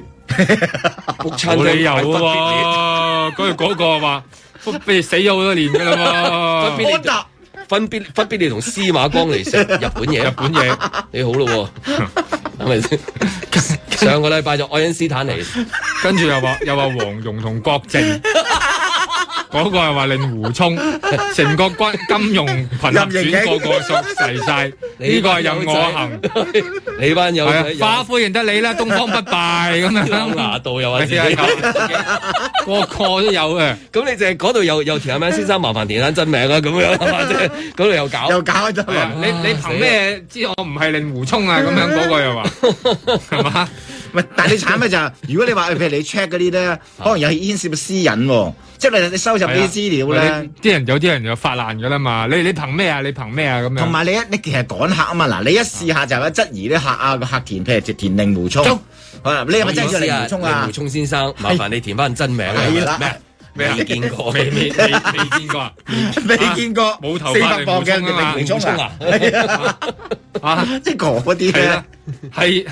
谷親冇理由嘅、啊、喎。嗰 個嗰個係嘛？ 啊、 忽必烈死咗好多年嘅啦嘛。忽達必達，忽必忽必同司馬光嚟食日本嘢， 日本嘢菜你好咯、啊，係 咪你先？ 上個禮拜就愛因斯坦嚟， 跟住又話又話黃蓉同郭靖。 嗰個係話令狐沖，成個軍金融群組個個熟曬，呢個係任我行，你班有花魁贏得你啦，東方不敗咁樣，金牙道又話自己有，個個都有嘅。咁你淨係嗰度又又條啊？咩先生麻煩填翻真名啦？咁樣，即係嗰度又搞，又搞真名。你你憑咩知我唔係令狐沖啊？咁樣嗰個又話，係嘛？唔係，但係你慘咩就係，如果你話譬如你 check 嗰啲咧，可能有係牽涉私隱喎，即係你你收集啲資料咧，啲人有啲人就發爛嘅啦嘛，你你憑咩啊？你憑咩啊？咁樣同埋你一你其實趕客啊嘛，嗱你一試下就去質疑啲客啊，個客填，譬如填令狐沖，好啦，你係咪質疑令狐沖啊？狐沖先生，麻煩你填翻真名啦，咩咩未見過，未未未見過，未見過，冇頭髮，四百磅斤嘅令狐沖啊，啊即係講嗰啲咧。係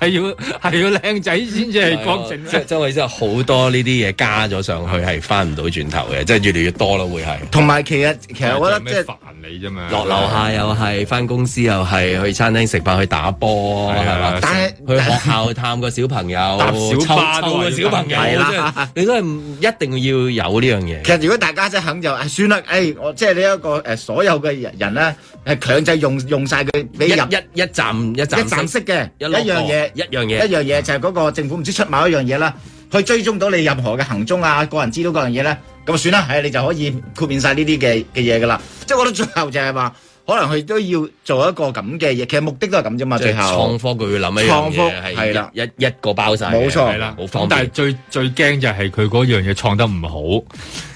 係要係要靚仔先至係講成，即係周圍真係好多呢啲嘢加咗上去，係翻唔到轉頭嘅，即係越嚟越多咯，會係。同埋其實其實我覺得即係煩你啫嘛，落樓下又係，翻公司又係，去餐廳食飯，去打波係嘛，去學校探個小朋友，搭小巴到個小朋友係啦，你都係唔一定要有呢樣嘢。其實如果大家真係肯就係算啦，誒我即係呢一個誒所有嘅人咧係強制用用晒佢，一一站，一站式嘅一樣嘢，一樣嘢，一樣嘢就係嗰個政府唔知出某一樣嘢啦，嗯、去追蹤到你任何嘅行蹤啊，個人知道嗰樣嘢咧，咁算啦，係你就可以豁免晒呢啲嘅嘅嘢噶啦。即係、就是、我覺得最後就係話，可能佢都要做一個咁嘅嘢，其實目的都係咁啫嘛。最後創科佢要諗起創科，係啦，一一個包晒，冇錯啦。咁但係最最驚就係佢嗰樣嘢創得唔好。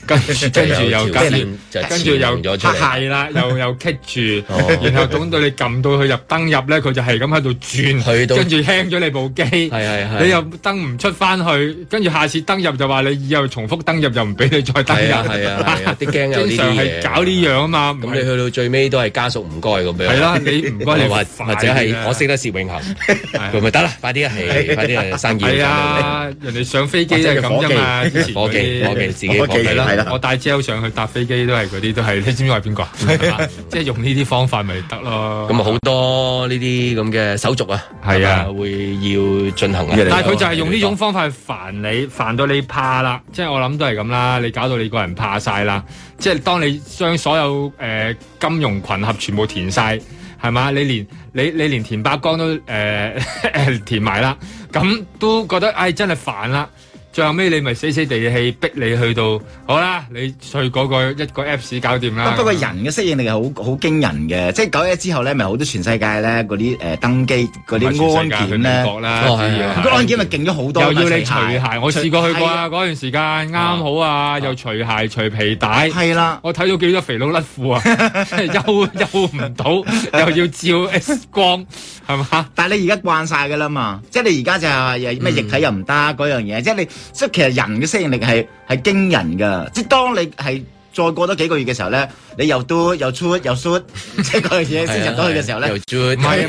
跟住跟住又跟住，跟住又係啦，又又棘住，然後等到你撳到佢入登入咧，佢就係咁喺度轉佢，跟住輕咗你部機。係係係，你又登唔出翻去，跟住下次登入就話你以後重複登入就唔俾你再登入。係啊係啊，驚有呢啲嘢。正常係搞呢樣啊嘛。咁你去到最尾都係家屬唔該咁樣。係啦，你唔該你或或者係我識得薛永恆，咪得啦，快啲啊係，快啲啊生意。係啊，人哋上飛機係咁啫嘛，夥計夥計自己夥計啦。我帶膠上去搭飛機都係嗰啲，都係，你知唔知我係邊個？即係、 就是、用呢啲方法咪得咯。咁啊，好多呢啲咁嘅手續啊，係啊吧，吧會要進行嘅。但係佢就係用呢種方法去煩你，煩到你怕啦。即、就、係、是、我諗都係咁啦，你搞到你個人怕晒啦。即、就、係、是、當你將所有誒、呃、金融群合全部填晒，係嘛？你連你你連填八江都誒、呃、 填埋啦，咁都覺得唉、哎，真係煩啦。最後尾你咪死死地氣逼你去到，好啦，你去嗰個一個 Apps 搞掂啦。不過個人嘅適應力係好好驚人嘅，即係九一之後咧，咪好多全世界咧嗰啲誒登機嗰啲安檢咧，個安檢咪勁咗好多。又要你除鞋，我試過去過啊，嗰段時間啱好啊，又除鞋除皮帶。係啦，我睇到幾多肥佬甩褲啊，休休唔到，又要照 X 光，係嘛？但係你而家慣晒㗎啦嘛，即係你而家就係咩液體又唔得嗰樣嘢，即係你。即係其實人嘅適應力係係驚人㗎，即係當你係再過多幾個月嘅時候咧，你又嘟、又出又 short 即係嗰樣嘢先入到去嘅時候咧、 啊啊，又係啊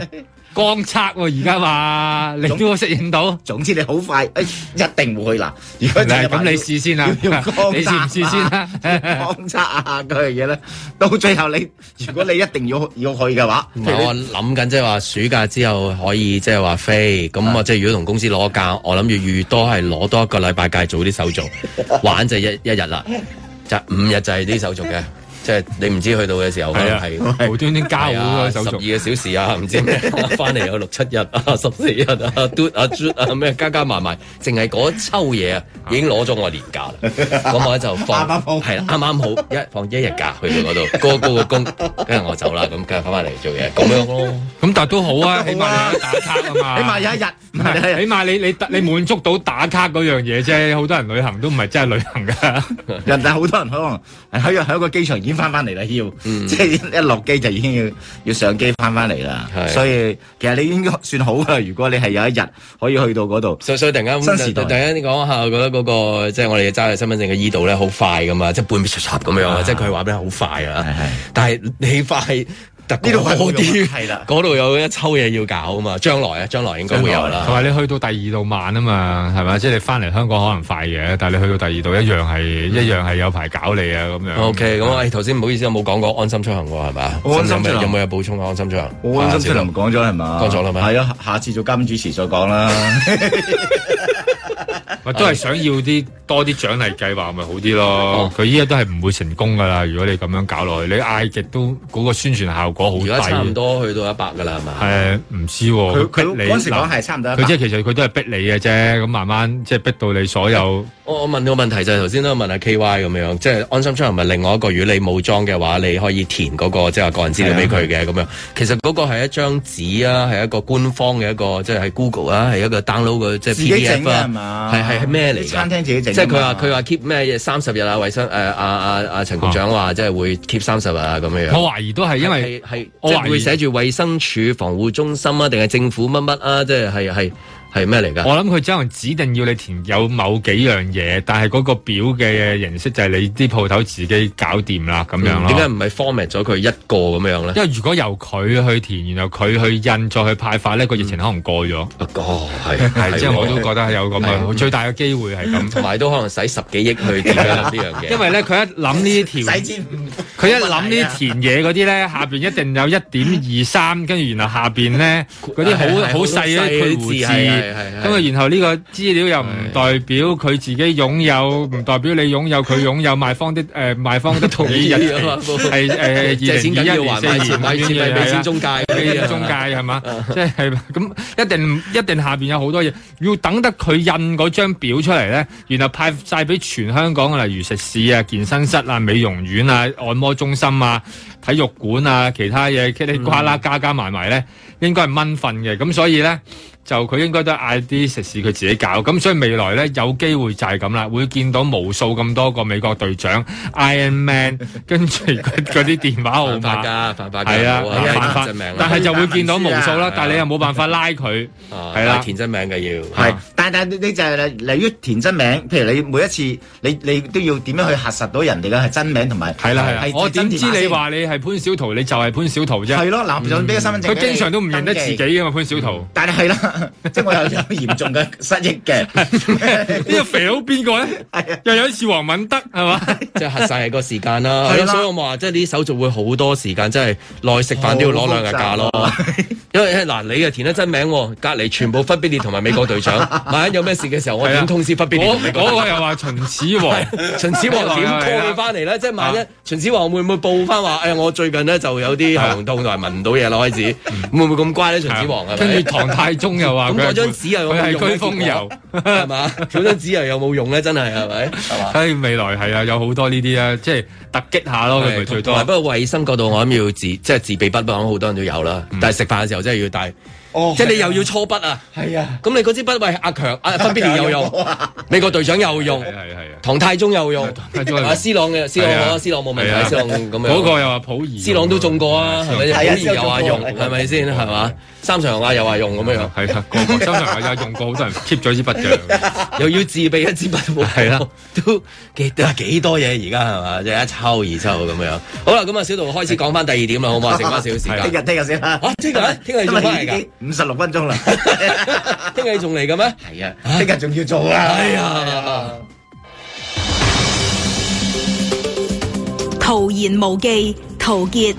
嘛。 光測喎而家話，你都適應到。總之你好快、哎，一定會去啦。嚟咁你試先啦、啊，啊、 你試唔試先、啊？光測啊嗰樣嘢咧，到最後你 如果你一定要要去嘅話，我諗緊即係話暑假之後可以即係話飛。咁我即係如果同公司攞假，我諗住預多係攞多一個禮拜假做啲手續， 玩就一一日啦， 就五日就係啲手續嘅。即係你唔知去到嘅時候係啊，係無端端加好多手續，十二個小時啊，唔知咩翻嚟又六七日啊，十四日啊 d 啊啊咩加加埋埋，淨係嗰抽嘢啊已經攞咗我年假啦，咁我咧就放係啦，啱啱好一放一日假去到嗰度，嗰嗰個工，跟住我走啦，咁跟住翻翻嚟做嘢，咁樣咯。咁但係都好啊，起碼打卡啊嘛，起碼有一日，起碼你你你滿足到打卡嗰樣嘢啫。好多人旅行都唔係真係旅行㗎，人哋好多人可能喺喺個機場演。翻翻嚟啦，要即係一落機就已經要要上機翻翻嚟啦。所以其實你應該算好噶，如果你係有一日可以去到嗰度。所以突然間，突然間講一下，覺得嗰個即係我哋嘅揸住身份證嘅醫度咧，好快噶嘛，即係半滅出插咁樣，即係佢話畀你好快啊？但係你快。呢度係好啲，係啦，嗰度有一抽嘢要搞啊嘛，將來啊，將來應該會有啦。同埋你去到第二度慢啊嘛，係咪？即係你翻嚟香港可能快嘅，但係你去到第二度一樣係一樣係有排搞你啊咁樣。OK，咁啊，頭先唔好意思，我冇講過安心出行喎，係嘛，安心出行有冇有補充啊？安心出行，安心出行唔講咗係嘛，講咗啦嘛，係啊，下次做監主持再講啦。我 都係想要啲多啲獎勵計劃，咪、就是、好啲咯。佢依家都係唔會成功噶啦。如果你咁樣搞落去，你嗌極都嗰、那個宣傳效果好低。而家差唔多去到一百噶啦，係嘛？係唔知佢佢嗰時講係差唔多一百。佢即係其實佢都係逼你嘅啫，咁慢慢即係逼到你所有。 我我問個問題就係頭先都問下 KY 咁樣，即係安心出行係另外一個。如果你冇裝嘅話，你可以填嗰、那個即係、就是、個人資料俾佢嘅咁樣。其實嗰個係一張紙啊，係一個官方嘅一個，即係喺 Google 啊，係一個 download 嘅即係 PDF 啊，係係咩嚟？餐廳自己整，即係佢話佢話 keep 咩三十日啊，衞生誒阿阿阿陳局長話即係會 keep 三十日啊咁樣。我懷疑都係因為係，以即係會寫住衞生署防護中心啊，定係政府乜乜啊，即係係係。係咩嚟噶？我諗佢只能指定要你填有某幾樣嘢，但係嗰個表嘅形式就係你啲鋪頭自己搞掂啦咁樣咯。點解唔係 format 咗佢一個咁樣咧？因為如果由佢去填，然後佢去印再去派發呢個疫情可能過咗。哦，係係，即係我都覺得係有咁樣！最大嘅機會係咁，同埋都可能使十幾億去填呢樣嘢。因為咧，佢一諗呢啲填，佢一諗呢啲填嘢嗰啲咧，下邊一定有一點二三，跟住然後下邊咧嗰啲好好細嗰咁啊！然後呢個資料又唔代表佢自己擁有，唔代表你擁有佢擁有賣方啲誒、呃，賣方的桶桶同意人係誒，呃、借錢緊要還錢，還錢咪俾錢中介，俾中介係嘛？即係咁一定一定下邊有好多嘢，要等得佢印嗰張表出嚟咧，然後派晒俾全香港，例如食肆啊、健身室啊、美容院啊、按摩中心啊、體育館啊、其他嘢，茄哩呱啦加加埋埋咧，應該係蚊瞓嘅。咁所以咧。就佢應該都嗌啲食肆佢自己搞，咁所以未來呢有機會就係咁啦，會見到無數咁多個美國隊長 Iron Man，跟住嗰啲電話號碼㗎，犯法嘅，係啊，但係就會見到無數啦，但係你又冇辦法拉佢，係啦，填真名嘅要，係，但但你你就係例如填真名，譬如你每一次你你都要點樣去核實到人哋嘅係真名同埋，係啦係啦，我點知你話你係潘小濤，你就係潘小濤啫，係咯，嗱，就俾個身份證，佢經常都唔認得自己嘅嘛潘小濤。但係啦。 即係我有有嚴重嘅失憶嘅，呢個肥佬邊個咧？ 是啊、又有次黃敏德係嘛？即係合晒個時間啦，是啊、所以我話即係呢啲手續會好多時間，即係耐食飯都要攞兩日假咯。因為嗱，你又填得真名，隔離全部忽必烈同埋美國隊長，萬一有咩事嘅時候，我點通知忽必烈？我嗰又話秦始皇，秦、 嗯、始皇點 call 你翻嚟咧？啊、即係萬一秦始皇會唔會報翻話？誒、哎，我最近咧就有啲頭痛同埋、啊、聞唔到嘢啦，開始會唔會咁乖咧？秦始皇係咪、嗯、跟住唐太宗又話佢係居風遊，係嘛？嗰張紙又有冇用咧？真係係咪？係嘛？誒， 未來係啊，有好多呢啲啊，即係。突擊下咯，佢咪最多。不過衞生角度，我諗要自，即係自備筆，可能好多人都有啦。但係食飯嘅時候真係要帶，即係你又要搓筆啊。係啊，咁你嗰支筆，喂阿強阿芬又有用？美國隊長有用，唐太宗有用，阿斯朗嘅朗，朗冇問題，斯朗。嗰個又話普爾，斯朗都中過啊，係咪？普爾有話用係咪先係嘛？三常話又話用咁樣，係啊，三常又係用過，好多人 keep 咗支筆嘅，又要自備一支筆，係啦，都幾幾多嘢而家係嘛，即係一抽二抽咁樣。好啦，咁啊，小道開始講翻第二點啦，好嘛，剩翻少少時間。聽日聽日先啦。啊，聽日？聽日做咩？五十六分鐘啦。聽日仲嚟嘅咩？係啊，聽日仲要做啊。哎呀！陶言無忌，陶傑。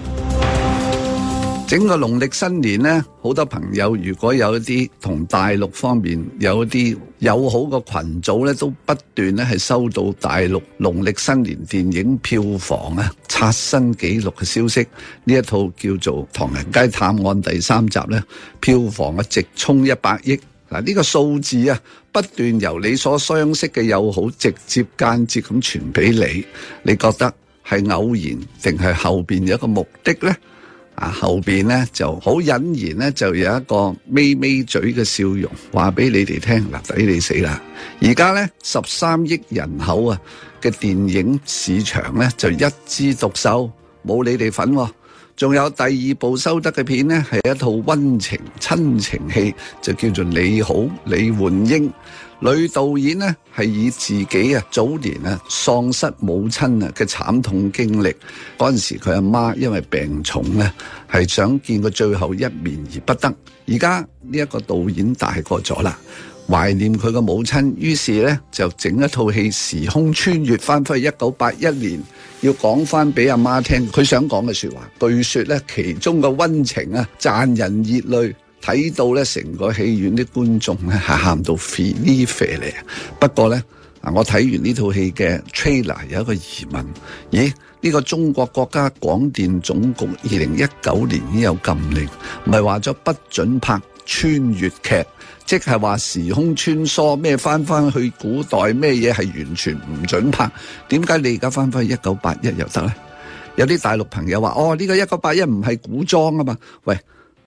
整個農曆新年咧，好多朋友如果有一啲同大陸方面有一啲友好嘅群組咧，都不斷咧係收到大陸農曆新年電影票房啊刷新紀錄嘅消息。呢一套叫做《唐人街探案》第三集咧，票房啊直衝一百億。嗱、這、呢個數字啊，不斷由你所相識嘅友好直接間接咁傳俾你，你覺得係偶然定係後邊有一個目的呢？啊，後邊咧就好隱然咧就有一個咪咪嘴嘅笑容，話俾你哋聽嗱，抵、啊、你死啦！而家咧十三億人口啊嘅電影市場咧就一枝獨秀，冇你哋份喎。仲有第二部收得嘅片呢，係一套溫情親情戲，就叫做《你好，李煥英》。女導演呢，係以自己啊早年啊喪失母親啊嘅慘痛經歷，嗰陣時佢阿媽因為病重呢，係想見佢最後一面而不得，而家呢一個導演大過咗啦。懷念佢個母親，於是呢就整一套戲，時空穿越翻翻去一九八一年，要講翻俾阿媽聽佢想講嘅說話。據說呢，其中嘅溫情啊，賺人熱淚，睇到呢成個戲院啲觀眾呢，係喊到肥呢肥嚟。不過呢，嗱我睇完呢套戲嘅 Trailer 有一個疑問：咦，呢個中國國家廣電總局二零一九年已經有禁令，唔係話咗不准拍穿越劇？即係話時空穿梭咩翻翻去古代咩嘢係完全唔准拍，點解你而家翻翻去一九八一又得呢？有啲大陸朋友話哦，呢個一九八一唔係古裝啊嘛，喂，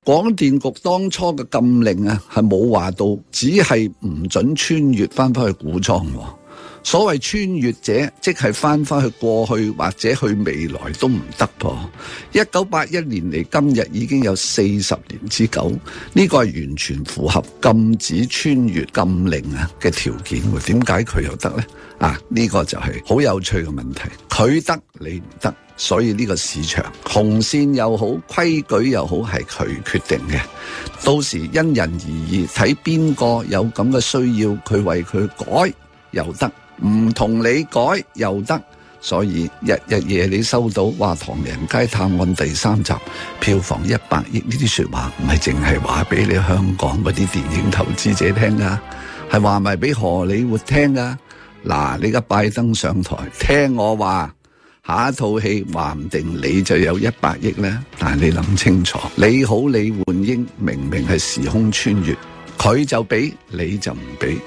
廣電局當初嘅禁令啊係冇話到，只係唔准穿越翻翻去古裝啊。所謂穿越者，即係翻翻去過去或者去未來都唔得噃。一九八一年嚟今日已經有四十年之久，呢個係完全符合禁止穿越禁令啊嘅條件。點解佢又得呢？啊，呢個就係好有趣嘅問題。佢得你唔得，所以呢個市場紅線又好，規矩又好，係佢決定嘅。到時因人而異，睇邊個有咁嘅需要，佢為佢改又得。唔同你改又得，所以日日夜你收到話《唐人街探案》第三集票房一百億呢啲說話，唔係淨係話俾你香港嗰啲電影投資者聽噶，係話咪俾荷里活聽噶。嗱，你而家拜登上台聽我話，下一套戲話唔定你就有一百億咧。但係你諗清楚，你好李煥英明明係時空穿越，佢就俾，你就唔俾，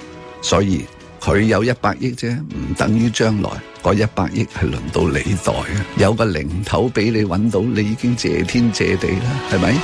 所以。佢有一百億啫，唔等於將來嗰一百億係輪到你袋嘅，有個零頭俾你搵到，你已經謝天謝地啦，係咪？